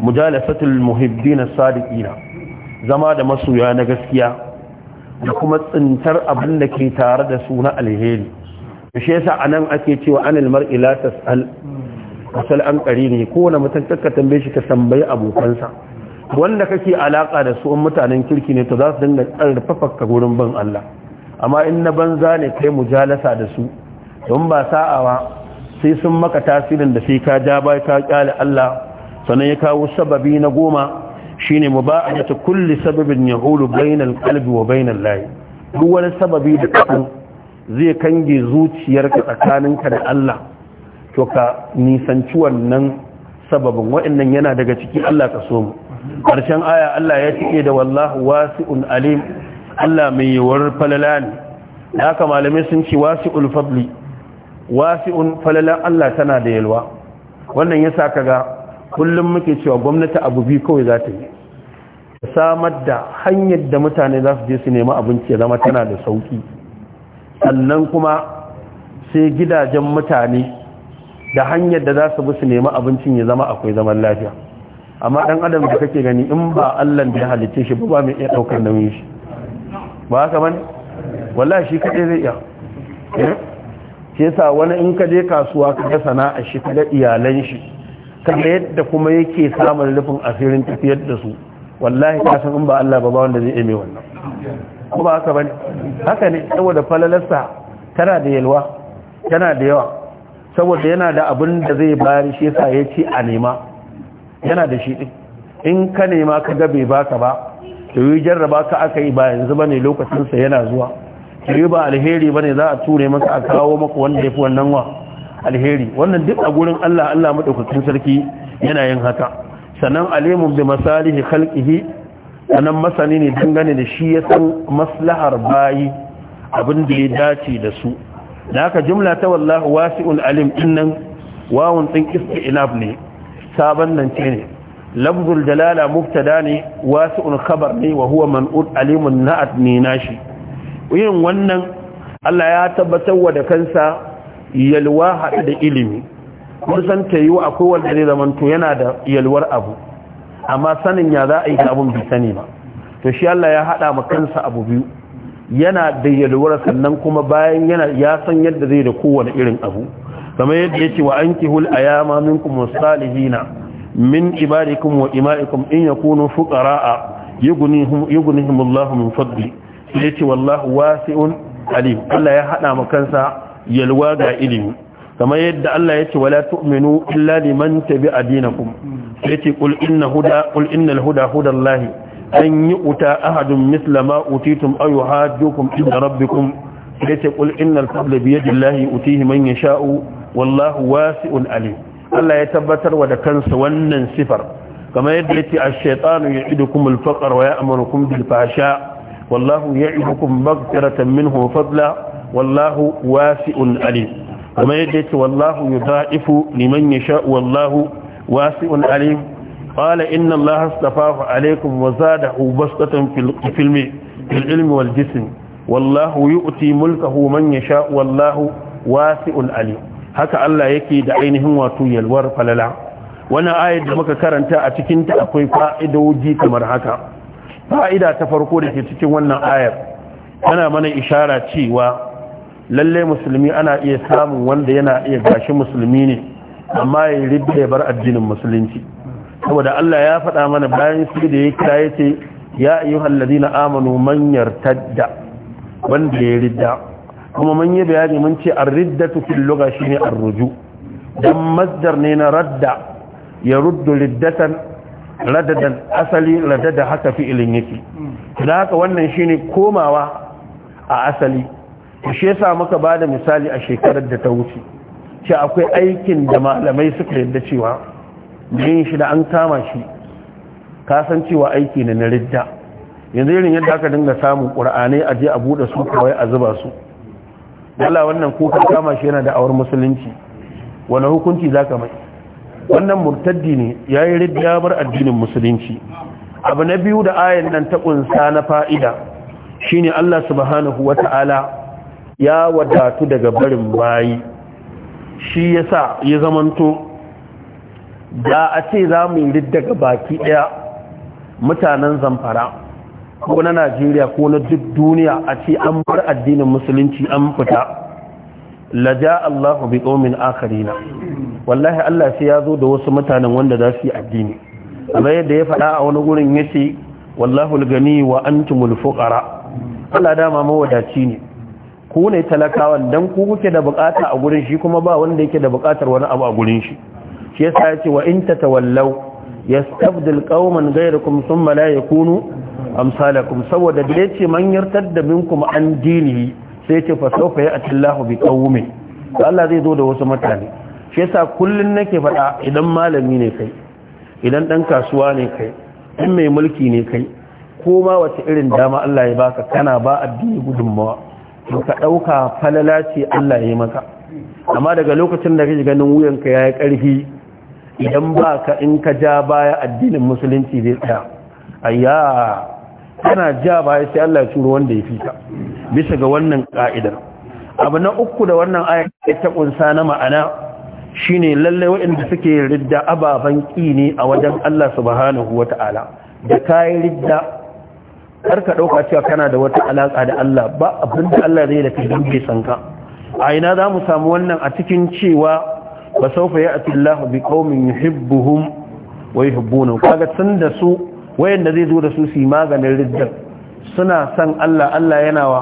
mujalasatul muhibbin as-sadiqina zama da masoya na gaskiya da kuma tsintar abin da ke tare da su na alheri shi yasa anan ake cewa anil mar'i la tas'al asal an ko kowane mutum ka tambaye shi ka tambayi abokansa wanda kake alaka da su mutanen kirki ne to za su dinga karfafa ka gurin ban Allah amma in na banza ne kai mujalasa da su don ba sa'awa sai sun maka tasirin da sai ka ja bai ka kyale Allah sannan ya kawo sababi na goma shine muba'adatu kulli sababin yahulu bainal qalbi wa bainal lahi duk wani sababi da kasan zai kange zuciyarka tsakaninka da Allah to ka nisanci wannan sababin wa'annan yana daga ciki Allah ka so mu Karshen aya Allah ya cike da wallahu wasi'un alim Allah mai yiwuwar falala ne haka malamai sun ce wasi'ul fadli wasi'un falalan Allah tana da yalwa wannan yasa kaga kullum muke cewa gwamnati abu biyu kawai za ta yi samar da hanyar da mutane za su je su nemi abinci ya zama tana da sauki sannan kuma sai gidajen mutane da hanyar da za su bi su nemi abincin ya zama akwai zaman lafiya amma dan adam da kake gani in ba Allah da ya halicce shi ba mai iya ɗaukar nauyin shi ba haka ne wallahi shi kaɗai zai iya Ke eh? sa wani in ka je kasuwa ka ga sana'a shi ka ga iyalan shi kaga yadda kuma yake samun rufin asirin tafiyar da su wallahi ka san in ba Allah ba ba wanda zai aime wannan ko ba haka bane haka ne saboda falalarsa tana da yalwa tana da yawa saboda yana da abin da zai bari shi yasa ya ce a nema yana da shi din in ka nema ka ga bai baka ba to yi jarraba ka aka yi ba yanzu bane lokacin sa yana zuwa yi ba alheri bane za a ture maka a kawo maka wanda yafi wannan wa alheri wannan duk a gurin Allah Allah madaukakin sarki yana yin haka sannan alimun bi masalihi khalqihi sannan masani ne dangane da shi ya san maslahar bayi abin da ya dace da su da haka jumla ta wallahu wasi'ul alim dinnan wawun din isti'nab ne saban nan ce ne lafzul jalala mubtada ne wasi'un khabar ne wa huwa man'ud alimun na'at ne nashi yin wannan Allah ya tabbatar wa da kansa yalwa hada da ilimi kun san ta yi akwai wanda zai zaman to yana da yalwar abu amma sanin ya za a yi abun bi sani ba to shi Allah ya haɗa ma kansa abu biyu yana da yalwar sannan kuma bayan yana ya san yadda zai da kowane irin abu kamar yadda ce wa ankihul ayama minkum wasalihina min ibadikum wa imaikum in yakunu fuqaraa yughnihim yughnihim Allahu min Ya yace wallahu wasi'un alim Allah ya haɗa ma kansa yalwa ga ilimi kamar yadda Allah ya ce wala tu'minu illa liman tabi'a dinakum yace qul inna huda qul innal huda hudallahi an yu'ta ahadun misla ma utitum aw yuhajjukum inda rabbikum yace qul innal fadla bi yadillahi utihi man yasha'u wallahu wasi'un alim Allah ya tabbatar wa da kansa wannan sifar kamar yadda yace ash-shaytanu ya'idukum al-faqr wa ya'murukum bil fahsha wallahu ya'idukum maghfiratan minhu wa fadla wallahu wasi'un alim kuma yadda yake wallahu yudha'ifu liman yasha wallahu wasi'un alim qala inna allaha astafahu alaykum wa zadahu bastatan fil ilmi wal jism wallahu yu'ti mulkahu man yasha wallahu wasi'un alim haka Allah yake da ainihin wato yalwar falala Wani ayar da muka karanta a cikin ta akwai fa'idoji kamar haka fa'ida ta farko da ke cikin wannan ayar tana mana ishara cewa lalle musulmi ana iya samun wanda yana iya gashi musulmi ne amma ya yi ya bar addinin musulunci saboda Allah ya faɗa mana bayan su da ya kira ya ce ya halladi ladina amanu manyar tadda wanda ya ridda kuma man yi bayani mun ce ar tu fil lugha shine ar-ruju dan masdar ne na radda ya ruddu riddatan radadan asali radada haka ilin yake da haka wannan shine komawa a asali ku shi yasa muka ba da misali a shekarar da ta wuce ce akwai aikin da malamai suka yadda cewa yin shi da an kama shi cewa aiki ne na ridda yanzu irin yadda aka dinga samun ƙur'anai a je a buɗe su kawai a zuba su wala wannan kuka kama shi yana da awar musulunci wani hukunci za ka mai wannan murtaddi ne ya yi ridda bar addinin musulunci abu na biyu da ayan nan ta ƙunsa na fa'ida shine Allah subhanahu wa ta'ala ya wadatu daga barin bayi shi ya sa ya zamanto da a ce za mu yi daga baki ɗaya mutanen zamfara ko na najeriya ko na duk duniya a ce an bar addinin musulunci an fita laja allahu bi ƙomin akarina wallahi allah sai ya zo da wasu mutanen wanda za su yi addini amma yadda ya faɗa a wani gurin ya ce wallahu gani wa antumul fuqara Allah dama mawadaci ne ku ne talakawan dan ku kuke da bukata a gurin shi kuma ba wanda yake da bukatar wani abu a gurin shi shi yasa yace wa in tatawallaw yastabdil qauman ghayrakum thumma la yakunu amsalakum saboda da yace man da minkum an dinihi sai yace fa sawfa ya'ti Allahu bi qaumin Allah zai zo da wasu mutane shi yasa kullun nake faɗa idan malami ne kai idan dan kasuwa ne kai in mai mulki ne kai ko ma wace irin dama Allah ya baka kana ba addini gudunmawa to ka ɗauka falala ce Allah ya yi maka amma daga lokacin da kake ganin wuyanka ya yi ƙarfi idan ba ka in ka ja baya addinin musulunci zai tsaya ayya kana ja baya sai Allah ya turo wanda ya ka. bisa ga wannan ka'idar abu na uku da wannan ayar ta ƙunsa na ma'ana shine lallai waɗanda suke ridda ababen ƙi ne a wajen Allah subhanahu wata'ala da kayi ridda kar ka ɗauka cewa kana da wata alaƙa da Allah ba abin da Allah zai da kai don bai a ina za mu samu wannan a cikin cewa ba sau fa ya'ti Allah bi qaumin yuhibbuhum wa yuhibbuna kaga sun da su wayanda zai zo da su su maganin riddar suna san Allah Allah yana wa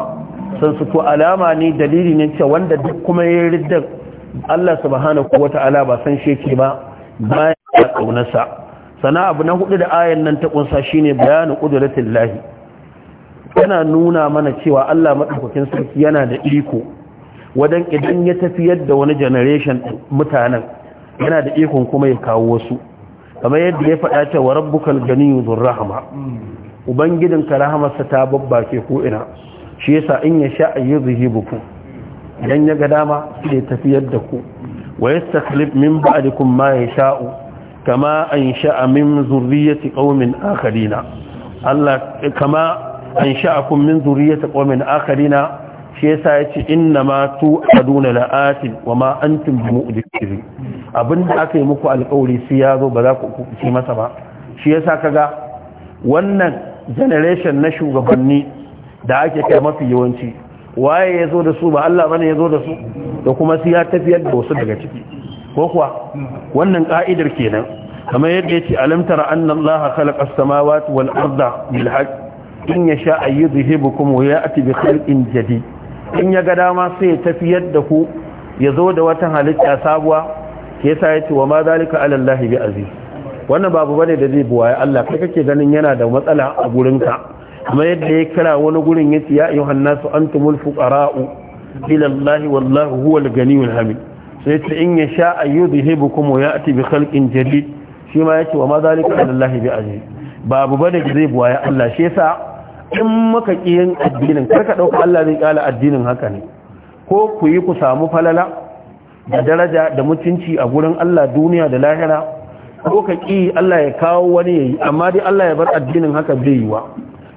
san su ko alama ne dalili ne cewa wanda duk kuma yayin riddar Allah subhanahu wata'ala ba san shi yake ba ya kaunarsa sana abu na hudu da ayan nan ta kunsa shine bayanin qudratillahi yana nuna mana cewa Allah maɗaukakin sarki yana da iko wadan idan ya tafiyar da wani generation mutanen yana da ikon kuma ya kawo wasu kamar yadda ya faɗa cewa rabbukal ganiyyu dhur rahma ubangidin ka rahamarsa ta babbake ko ina shi yasa in ya sha ayyuzhibukum idan ya ga dama sai tafiyar da ku wa yastakhlif min ba'dikum ma yasha'u kama ansha'a min zurriyyati qaumin akharina Allah kama an sha'akun min ta qaumin akarina shi yasa in inna ma tu aduna la'ati wa ma an antum bimu'jizin abinda aka yi muku alƙawari su ya zo ba za ku ci masa ba shi yasa ga wannan generation na shugabanni da ake kai mafi yawanci waye ya zo da su ba Allah bane ya zo da su da kuma su ya tafiyar da wasu daga ciki ko kuwa wannan ka'idar kenan kamar yadda ya ce alamtar annallaha Allah khalaqa as-samawati wal arda bil haqq in ya sha a yi ayyudhibukum wa ya'ti bi khalqin jadid in ya ga dama sai ya tafi yadda ku ya zo da wata halitta sabuwa ke yasa ya ce wa ma zalika ala Allah bi aziz wannan babu bane da zai ya Allah kai kake ganin yana da matsala a gurinka kuma yadda ya kira wani gurin yace ya ayyuhan nasu antumul fuqara'u ila Allah wallahu huwal ganiyul hamid sai ce in ya sha ayyudhibukum wa ya'ti bi khalqin jadid shi ma yace wa ma zalika ala Allah bi aziz babu bane da zai buwaye Allah shi yasa in maka kiyin addinin karka ɗauka Allah zai kala addinin haka ne ko ku yi ku samu falala da daraja da mutunci a gurin Allah duniya da lahira ko ka ki Allah ya kawo wani yayi amma dai Allah ya bar addinin haka bai yi wa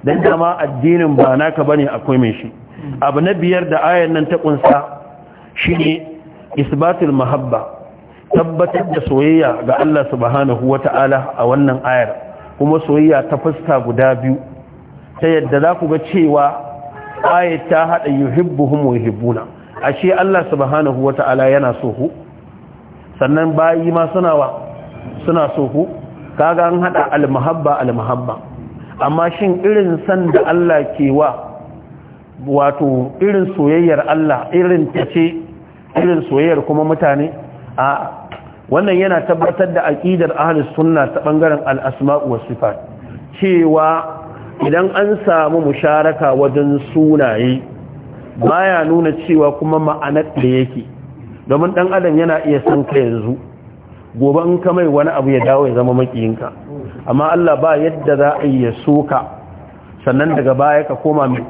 dan dama addinin ba naka bane akwai mai shi abu na biyar da ayan nan ta kunsa shine isbatul mahabba tabbatar da soyayya ga Allah subhanahu wata'ala a wannan ayar kuma soyayya ta fuska guda biyu ta yadda za ku ga cewa ayat ta haɗa yuhibbuhum wa yuhibbuna ashe Allah subhanahu wata'ala yana so sannan bayi ma suna wa suna kaga an haɗa almahabba almahabba amma shin irin san da Allah ke wa wato irin soyayyar Allah irin ta irin soyayyar kuma mutane a wannan yana tabbatar da aqidar ahlus sunna ta bangaren al asma'u was sifat cewa idan an samu musharaka wajen sunaye baya nuna cewa kuma ma'anar da yake domin dan adam yana iya san ka yanzu gobe in ka mai wani abu ya dawo ya zama makiyinka amma Allah ba yadda za a so soka sannan daga baya ka koma mai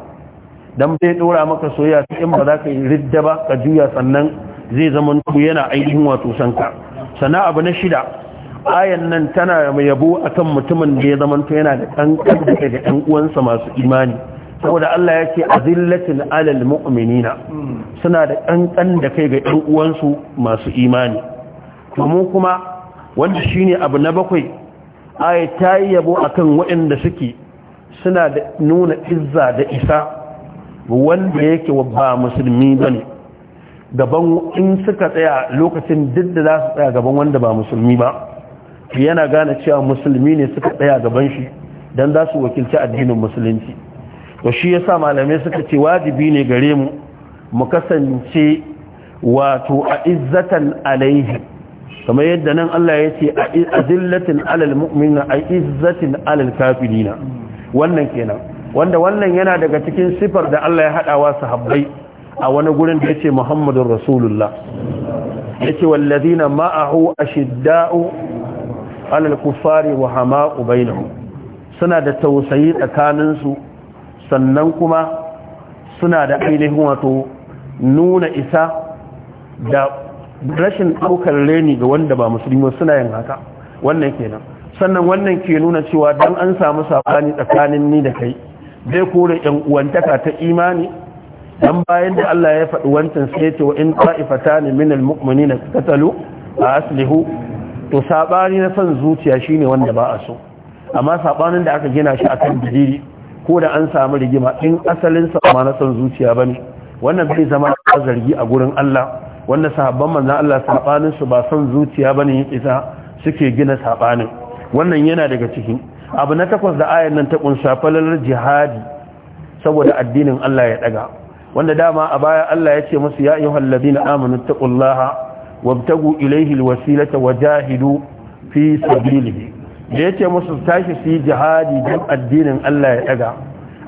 dan bai dora maka soyayya in ba za ka yi ridda ba ka juya sannan zai zama yana ainihin wato sanka sannan abu na shida ayan nan tana mai yabo kan mutumin da ya zamanto yana da ɗan da da ɗan uwansa masu imani saboda Allah ya ce azillatin alal mu'minina suna da ƙanƙan da kai ga ɗan uwansu masu imani domin kuma wanda shine abu na bakwai ayi ta yi yabo kan waɗanda suke suna da nuna izza da isa wanda yake ba musulmi bane gaban in suka tsaya lokacin duk da za su tsaya gaban wanda ba musulmi ba yana gane cewa musulmi ne suka tsaya gaban shi dan za su wakilci addinin musulunci to shi yasa malamai suka ce wajibi ne gare mu mu kasance wato a izzatan alaihi kamar yadda nan Allah ya ce a zillatin alal mu'mina a izzatin alal kafirina wannan kenan wanda wannan yana daga cikin sifar da Allah ya haɗawa sahabbai a wani gurin da ya ce Muhammadun Rasulullah ya ce wallazina ma'ahu ashidda'u alal kufari wa Hama bainahum suna da tausayi tsakaninsu sannan kuma suna da ainihin wato nuna isa da rashin ɗaukar reni ga wanda ba musulmi suna yin haka wannan kenan sannan wannan ke nuna cewa dan an samu saɓani tsakanin ni da kai zai kore yan uwantaka ta imani dan bayan da Allah ya faɗi wancan sai ya ce wa in ta'ifatan min al-mu'minina qatalu aslihu to sabani na son zuciya shine wanda ba a so amma sabanin da aka gina shi akan dalili ko da an samu rigima in asalin sa ma na son zuciya bane wannan bai zama zargi a gurin Allah wanda sahabban manzon Allah sabanin su ba son zuciya bane isa suke gina sabanin wannan yana daga cikin abu na takwas da ayar nan ta kunsa falalar jihadi saboda addinin Allah ya daga wanda dama a baya Allah ya ce musu ya ayyuhal ladina amanu taqullaha wabtagu ilaihi alwasilata wajahidu fi sabilihi da yace musu tashi su yi jihadi don addinin Allah ya daga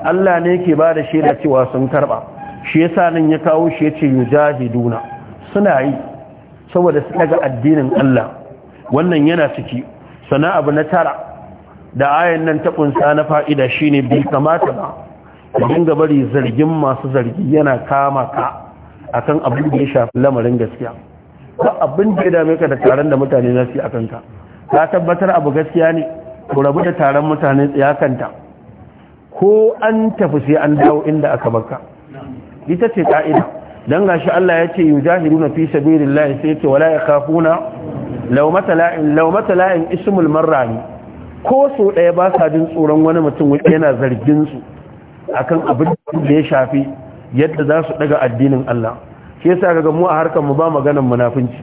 Allah ne ke ba da shaida cewa sun karba shi yasa nan ya kawo shi yace yujahiduna suna yi saboda su daga addinin Allah wannan yana ciki sana abu na tara da ayan nan ta kunsa na fa'ida shine bi kamata ba ka bari zargin masu zargi yana kama ka akan abin da ya shafi lamarin gaskiya ba abin da ya dame ka da taron da mutane za su a kanka ka tabbatar abu gaskiya ne ku rabu da taron mutane ya kanta. ko an tafi sai an dawo inda aka baka ita ce ka'ida dan gashi Allah ya ce na fi sabilillahi sai ce wala yakhafuna law matala'in law matala'in ismul marrani ko so ɗaya ba sa jin tsoron wani mutum yana zargin su akan abin da ya shafi yadda za su daga addinin Allah shi yasa kaga mu a harkar mu ba maganar munafinci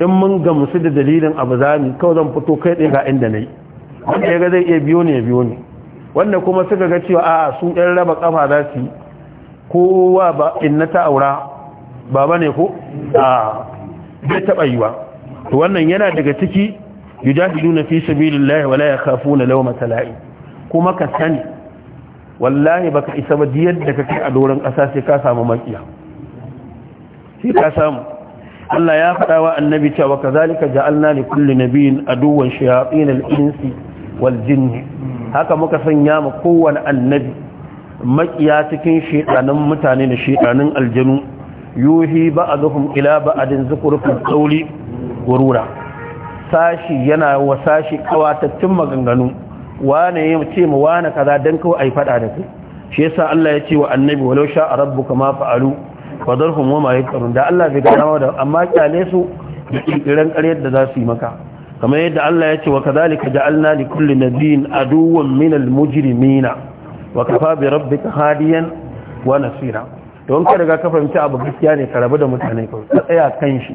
in mun gamsu da dalilin abu zami kawai zan fito kai ɗaya ga inda nayi wanda ya ga zai iya biyo ne ya biyo ne wanda kuma suka ga cewa a su ɗan raba kafa za su kowa ba in na ta aura baba ne ko a bai taɓa yi to wannan yana daga ciki na fi sabilillahi wala ya na lawa matala'i kuma ka sani wallahi baka isa ba diyar da kake a doron ƙasa sai ka samu makiya sai ka samu Allah ya faɗa wa annabi cewa kazalika ja'alna li kulli nabiyyin aduwwan shayatin al-insi wal jinni haka muka sanya ma kowanne annabi makiya cikin shedanin mutane da shedanin aljanu yuhi ba'dhum ila ba'din zukurufin qawli gurura sashi yana wa sashi kawatattun maganganu wane ya ce mu wane kaza dan kawai ai faɗa da kai shi yasa Allah ya ce wa annabi walau sha rabbuka ma fa'alu fadar kuma ma karun da Allah bai gana da amma kyale su da kirkiran ƙaryar da za su yi maka kamar yadda Allah ya ce wa kadhalika ja'alna li kulli nabiyyin aduwwan min al mujrimina wa kafa bi rabbika hadiyan wa nasira don ka riga ka fahimci abu gaskiya ne ka rabu da mutane ka tsaya kan shi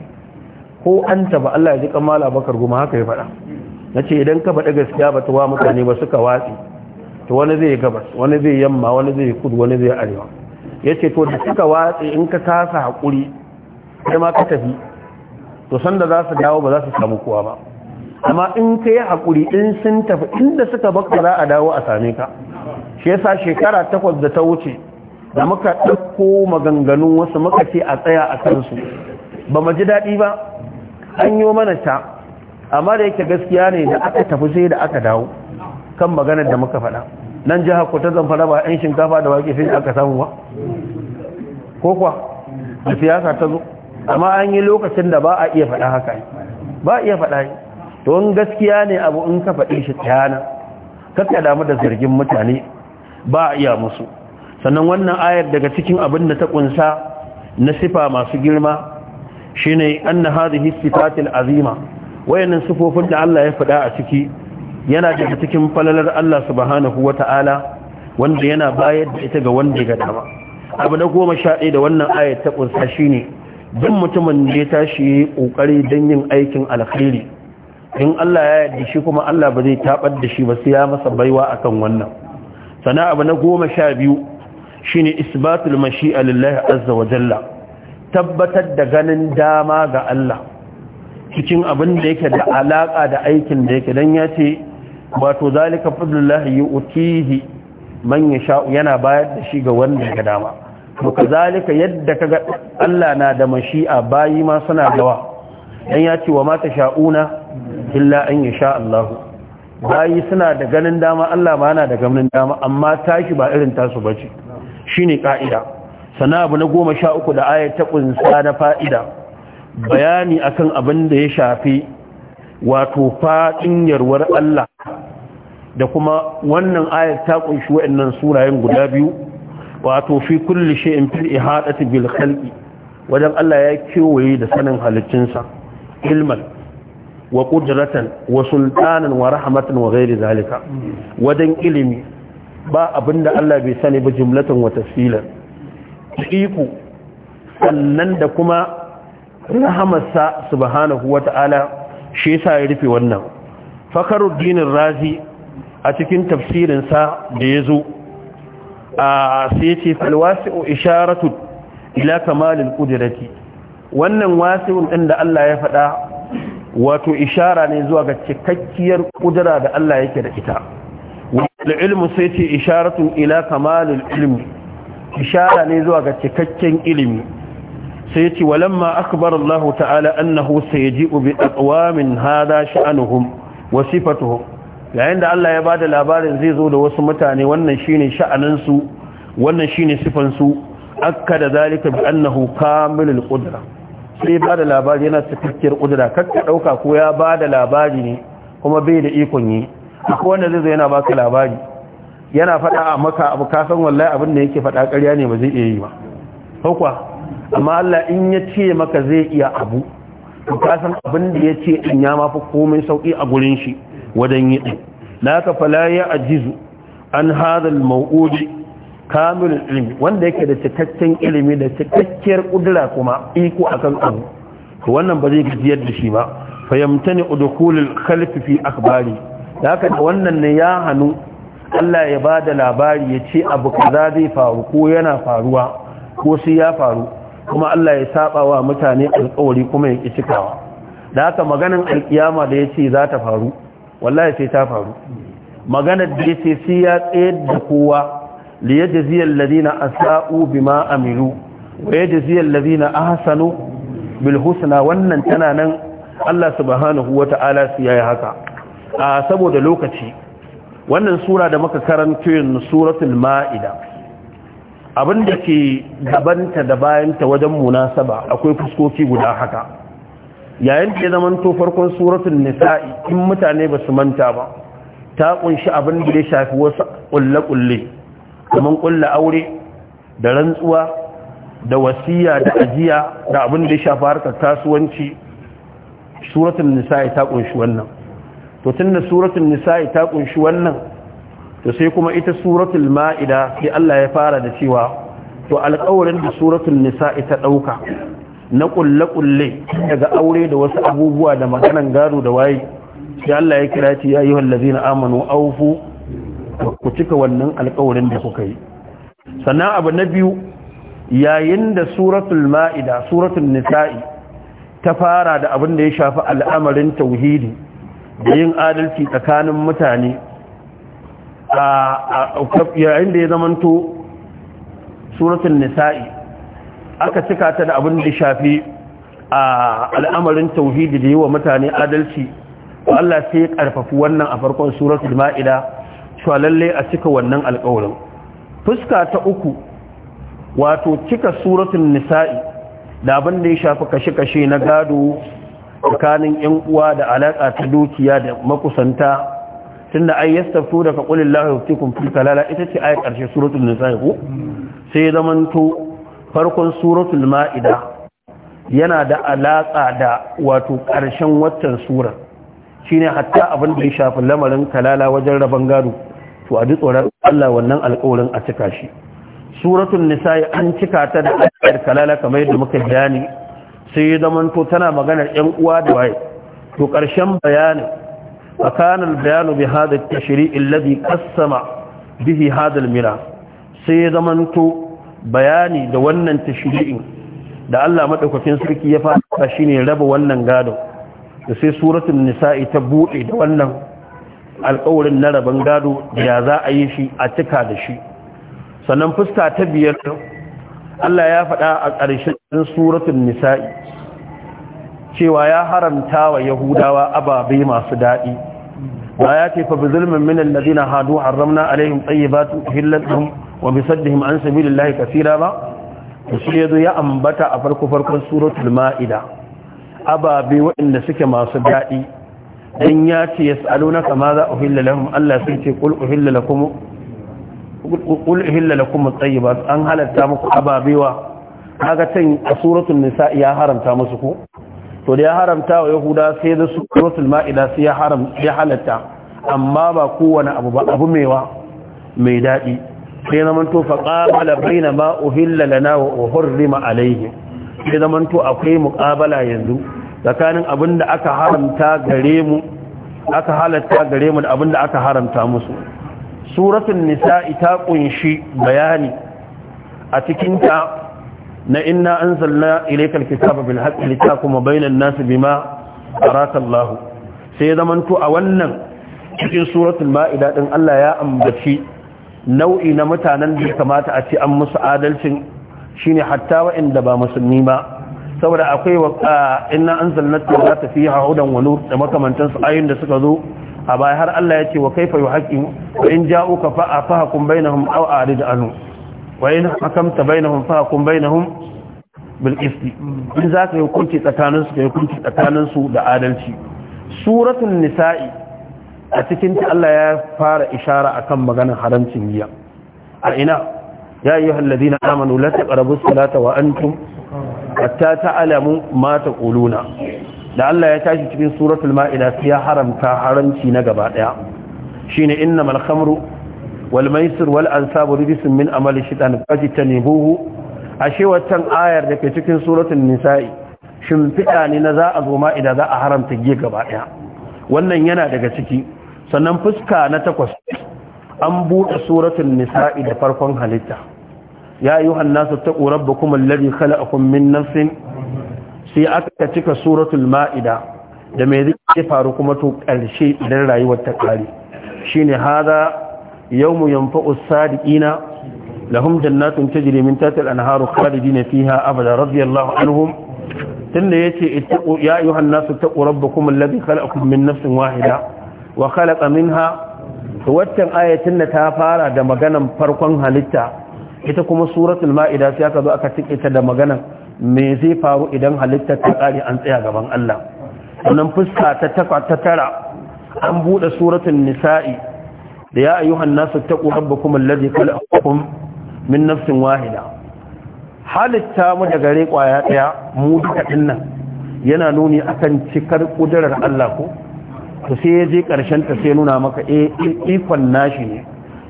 ko an taba Allah ya ji kamala bakar goma haka ya faɗa na idan ka faɗa gaskiya ba ta wa mutane ba suka watsi to wani zai gabas wani zai yamma wani zai kudu wani zai arewa ya ce to da suka watsi in ka kasa haƙuri ya ma ka tafi to sanda za su dawo ba za su samu kowa ba amma in ka yi haƙuri in sun tafi inda suka baka za a dawo a same ka shi yasa shekara takwas da ta wuce da muka ɗauko maganganun wasu muka ce a tsaya a kansu ba mu ji daɗi ba an yi mana ta amma da yake gaskiya ne da aka tafi sai da aka dawo kan maganar da muka faɗa nan jihar ku ta zamfara ba 'yan shinkafa da wake sai aka samu ba ko kuwa da siyasa ta zo amma an yi lokacin da ba a iya faɗa haka yi. ba a iya faɗa yi in gaskiya ne abu in ka faɗi shi tayana kakka damu da zargin mutane ba a iya musu sannan wannan ayar daga cikin abin da ta ƙunsa na sifa masu girma shine anna hadhihi sifatil azima wayannan sifofin da Allah ya faɗa a ciki yana daga cikin falalar Allah subhanahu wata'ala wanda yana bayar da ita ga wanda ga dama abu na goma sha ɗaya da wannan ayat ta ƙunsa shi ne don mutumin da ya tashi ya yi ƙoƙari don yin aikin alkhairi in Allah ya yadda shi kuma Allah ba zai taɓar da shi ba sai ya masa baiwa a kan wannan sana abu na goma sha biyu shine isbatul mashi a lillahi azza wa jalla tabbatar da ganin dama ga Allah cikin abin da yake da alaƙa da aikin da yake ya ce. wato zalika fadlullahi yu'tihi man yasha yana bayar da shi ga wanda ga dama to kazalika yadda kaga Allah na da mashi'a bayi ma suna gawa dan ya ce wa ma tasha'una illa an yasha Allah bayi suna da ganin dama Allah ma yana da ganin dama amma tashi ba irin tasu bace shine ka'ida sana abu na 13 da ayat ta kunsa na fa'ida bayani akan abin da ya shafi wato fadin yarwar Allah da kuma wannan ayat ta kunshi waɗannan surayen guda biyu wato fi kulli shay'in fil ihadati bil khalqi wajen Allah ya kewaye da sanin sa ilman wa qudratan wa sultanan wa rahmatan wa ghairi zalika wajen ilimi ba abinda Allah bai sani ba jumlatan wa tafsilan iko sannan da kuma rahamarsa subhanahu wata'ala shi yasa ya rufe wannan fakaruddin razi a cikin tafsirinsa da ya zo a sai ce falwasi'u isharatu ila kamalin kudirati wannan wasi'un ɗin da Allah ya faɗa wato ishara ne zuwa ga cikakkiyar kudura da Allah yake da ita Wani ilmu sai ce isharatun ila kamalin ilmi ishara ne zuwa ga cikakken ilimi sai ce walamma akbar Allah ta'ala annahu sayji'u bi aqwamin hada sha'anuhum wa sifatuhum yayin da Allah ya bada labarin zai zo da wasu mutane wannan shine sha'anin su wannan shine sifan su akada zalika bi annahu kamilul qudra sai bada labari yana cikakkiyar kudura kakka dauka ko ya bada labari ne kuma bai da ikon yi akwai wanda zai zo yana baka labari yana fada a maka abu ka san wallahi abin da yake fada ƙarya ne ba zai iya yi ba hukwa amma Allah in ya ce maka zai iya abu to ka san abin da ya in ya mafi komai sauki a gurin shi wajen yi ɗin. Na ka fala a ajizu an hadha ma'udi Kamilu kamil ilmi wanda yake da cikakken ilimi da cikakkiyar ƙudura kuma iko akan abu to wannan ba zai gajiyar da shi ba Fahimta udkhulul khalf fi akhbari haka da wannan ne ya hanu Allah ya ba da labari ya ce abu kaza zai faru ko yana faruwa ko sai ya faru kuma Allah ya saba wa mutane alƙawari kuma ya ƙi cikawa da haka maganin alƙiyama da ya ce za ta faru wallahi sai ta faru maganar da ce sai ya tsayar da kowa li yajzi alladhina asa'u bima amilu wa yajzi alladhina ahsanu bil husna wannan tana nan Allah subhanahu wata'ala sai yayi haka a saboda lokaci wannan sura da muka karanto yin suratul ma'ida abinda ke gabanta da bayanta wajen munasaba akwai fuskoki guda haka yayin da ya zama to farkon suratul nisa'i in mutane ba su manta ba ta kunshi abin da ya shafi wasu kulle-kulle kamar kulle aure da rantsuwa da wasiya da ajiya da abin da ya shafi harkar kasuwanci suratul nisa'i ta kunshi wannan to tunda suratul nisa'i ta kunshi wannan to sai kuma ita suratul ma'ida sai Allah ya fara da cewa to alƙawarin da suratul nisa'i ta ɗauka. na kulle-kulle daga aure da wasu abubuwa da maganan gado da waye shi Allah ya kira ci ya yi wallazi na amanu aufu ku cika wannan alkawarin da kuka yi sannan abu na biyu yayin da suratul ma'ida suratul nisa'i ta fara da abin da ya shafi al'amarin tauhidi da yin adalci tsakanin mutane a yayin da ya zamanto suratul nisa'i aka cika ta da abin da shafi a al'amarin tauhidi da yi wa mutane adalci Allah sai ya karfafi wannan a farkon suratul ma'ida cewa lalle a cika wannan alƙawarin fuska ta uku wato cika suratun nisa'i da abin da ya shafi kashe-kashe na gado tsakanin yan uwa da alaƙa ta dukiya da makusanta tunda ai yastaftu daga qulillahu yuftikum fi kalala ita ce aya ƙarshe suratun nisa'i ko sai zamanto farkon suratul ma'ida yana da alaƙa da wato ƙarshen watan surar shine hatta abin da ya shafi lamarin kalala wajen rabon gado to a duk tsoron Allah wannan alƙawarin a cika shi suratul Nisa an cika ta da ayar kalala kamar yadda muka bayani sai ya zamanto tana maganar yan uwa da waye to ƙarshen bayanin فكان البيان بهذا التشريع الذي قسم به ya الميراث سيدمنتو bayani da wannan tashri'in da Allah madaukakin sarki ya fara shine raba wannan gado da sai suratul nisa'i ta bude da wannan alƙawarin na raban gado ya za a yi shi a cika da shi sannan fuska ta biyar Allah ya faɗa a ƙarshen suratun nisa'i cewa ya haramta wa yahudawa ababe masu daɗi ba ya ce fa bi zulmin hadu harramna alaihim tayyibatin uhillat wa bi saddihim an sabilillahi kaseera ba shi yazo ya ambata a farko farkon suratul maida ababe waɗanda suke masu daɗi dan ya ce yas'alunaka ma za uhilla lahum Allah sai ce qul uhilla lakum qul uhilla lakum at-tayyibat an halatta muku ababewa kaga tan a suratul nisa ya haramta musu ko to da ya haramta wa yahuda sai da suratul maida sai ya haram ya halatta amma ba kowane abu ba abu mewa mai daɗi sai zaman to faqabala baina ma uhilla lana wa uhurrima alaihe. sai zaman to akwai muƙabala yanzu tsakanin abinda aka haramta gare mu aka halatta gare mu da abinda aka haramta musu suratun nisa'i ta ƙunshi bayani a cikinta na inna anzalna ilaykal kitaba bil haqqi litakuma bainan nasi bima araka Allah sai zaman to a wannan cikin suratul ma'ida din Allah ya ambaci nau'i na mutanen da kamata a ce an musu adalcin shine hatta wa'inda ba musulmi ba saboda akwai waqa inna anzalna tawrata fiha hudan wa nur da makamantan su ayoyin da suka zo a baya har Allah ya ce wa kaifa yuhaqqim wa in ja'uka fa afahkum bainahum aw arid anhu wa in hakamta bainahum fa hakum bainahum bil qist in zaka yi hukunci tsakanin su kai hukunci tsakanin su da adalci suratul nisa'i a cikin ta Allah ya fara ishara akan maganar haramcin giya a ina ya yi halladina amanu lati taqrabu salata wa antum hatta alamu mata ƙuluna. da Allah ya tashi cikin suratul ma'ida sai ya haramta haramci na gaba daya shine innamal khamru wal maisir wal ansabu min amali nebuhu a ashe watan ayar da ke cikin suratul nisa'i shimfiɗa ne na za a zo ma'ida za a haramta giya gaba daya wannan yana daga ciki sannan fuska na takwas an buɗe suratul nisa'i da farkon halitta ya ayyuhan nasu taqu rabbakum alladhi khalaqakum min nafsin sai aka cika suratul ma'ida da me zai faru kuma to ƙarshe idan rayuwar ta kare shine hada yawmu yanfa'u as-sadiqina lahum jannatun tajri min tahtiha al-anharu khalidina fiha abada radiyallahu anhum tunda yace ya ayyuhan nasu taqu rabbakum alladhi khalaqakum min nafsin wahida wa khalaqa minha to waccan ayatin da ta fara da maganan farkon halitta ita kuma suratul ma'ida sai aka zo aka tike ta da maganan me zai faru idan halitta ta kare an tsaya gaban Allah Wannan fuska ta tara an bude suratul nisa'i da ya ayyuhan nasu taqu rabbakum alladhi khalaqakum min nafsin wahida halitta mu da gare kwaya daya mu duka dinnan yana nuni akan cikar kudurar Allah ko to sai ya je ƙarshen ta sai nuna maka eh ikon nashi ne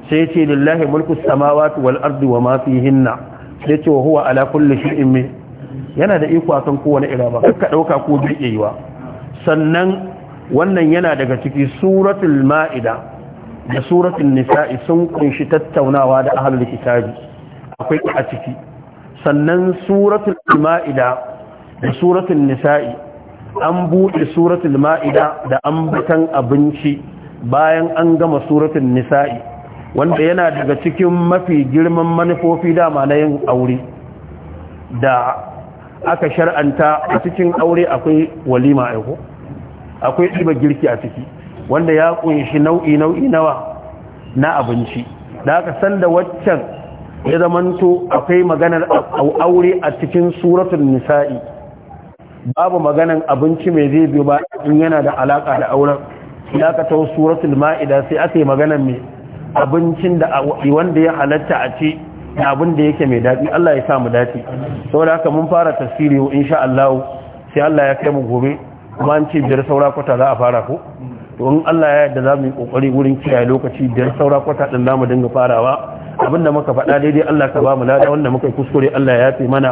sai ce lillahi mulku samawati wal ardi wa ma hinna. sai ce wa huwa ala kulli shay'in min yana da iko akan kowane ira ba ka dauka ko bai yiwa sannan wannan yana daga ciki suratul ma'ida da suratul nisa'i sun kunshi tattaunawa da ahlul kitabi akwai a ciki sannan suratul ma'ida da suratul nisa'i an buɗe suratul ma'ida da an ambatan abinci bayan an gama suratul nisa'i wanda yana daga cikin mafi girman manufofi dama na yin aure da aka shar'anta a cikin aure akwai walima aiko akwai ɗiba girki a ciki wanda ya ƙunshi nau'i nau'i nawa na abinci da aka san da waccan ya zamanto akwai maganar aure a cikin suratul nisa'i babu maganan abinci mai zai biyo ba in yana da alaka da auren ya ka tawo suratul ma'ida sai aka yi maganan mai abincin da wanda ya halatta a ce abin da yake mai daɗi Allah ya sa mu dace da haka mun fara tasiri insha Allah sai Allah ya kai mu gobe kuma an ce biyar saura kwata za a fara ko to in Allah ya yarda za mu yi kokari wurin kiyaye lokaci biyar saura kwata din mu dinga farawa abinda muka faɗa daidai Allah ka ba mu lada wanda muka yi kuskure Allah ya yafe mana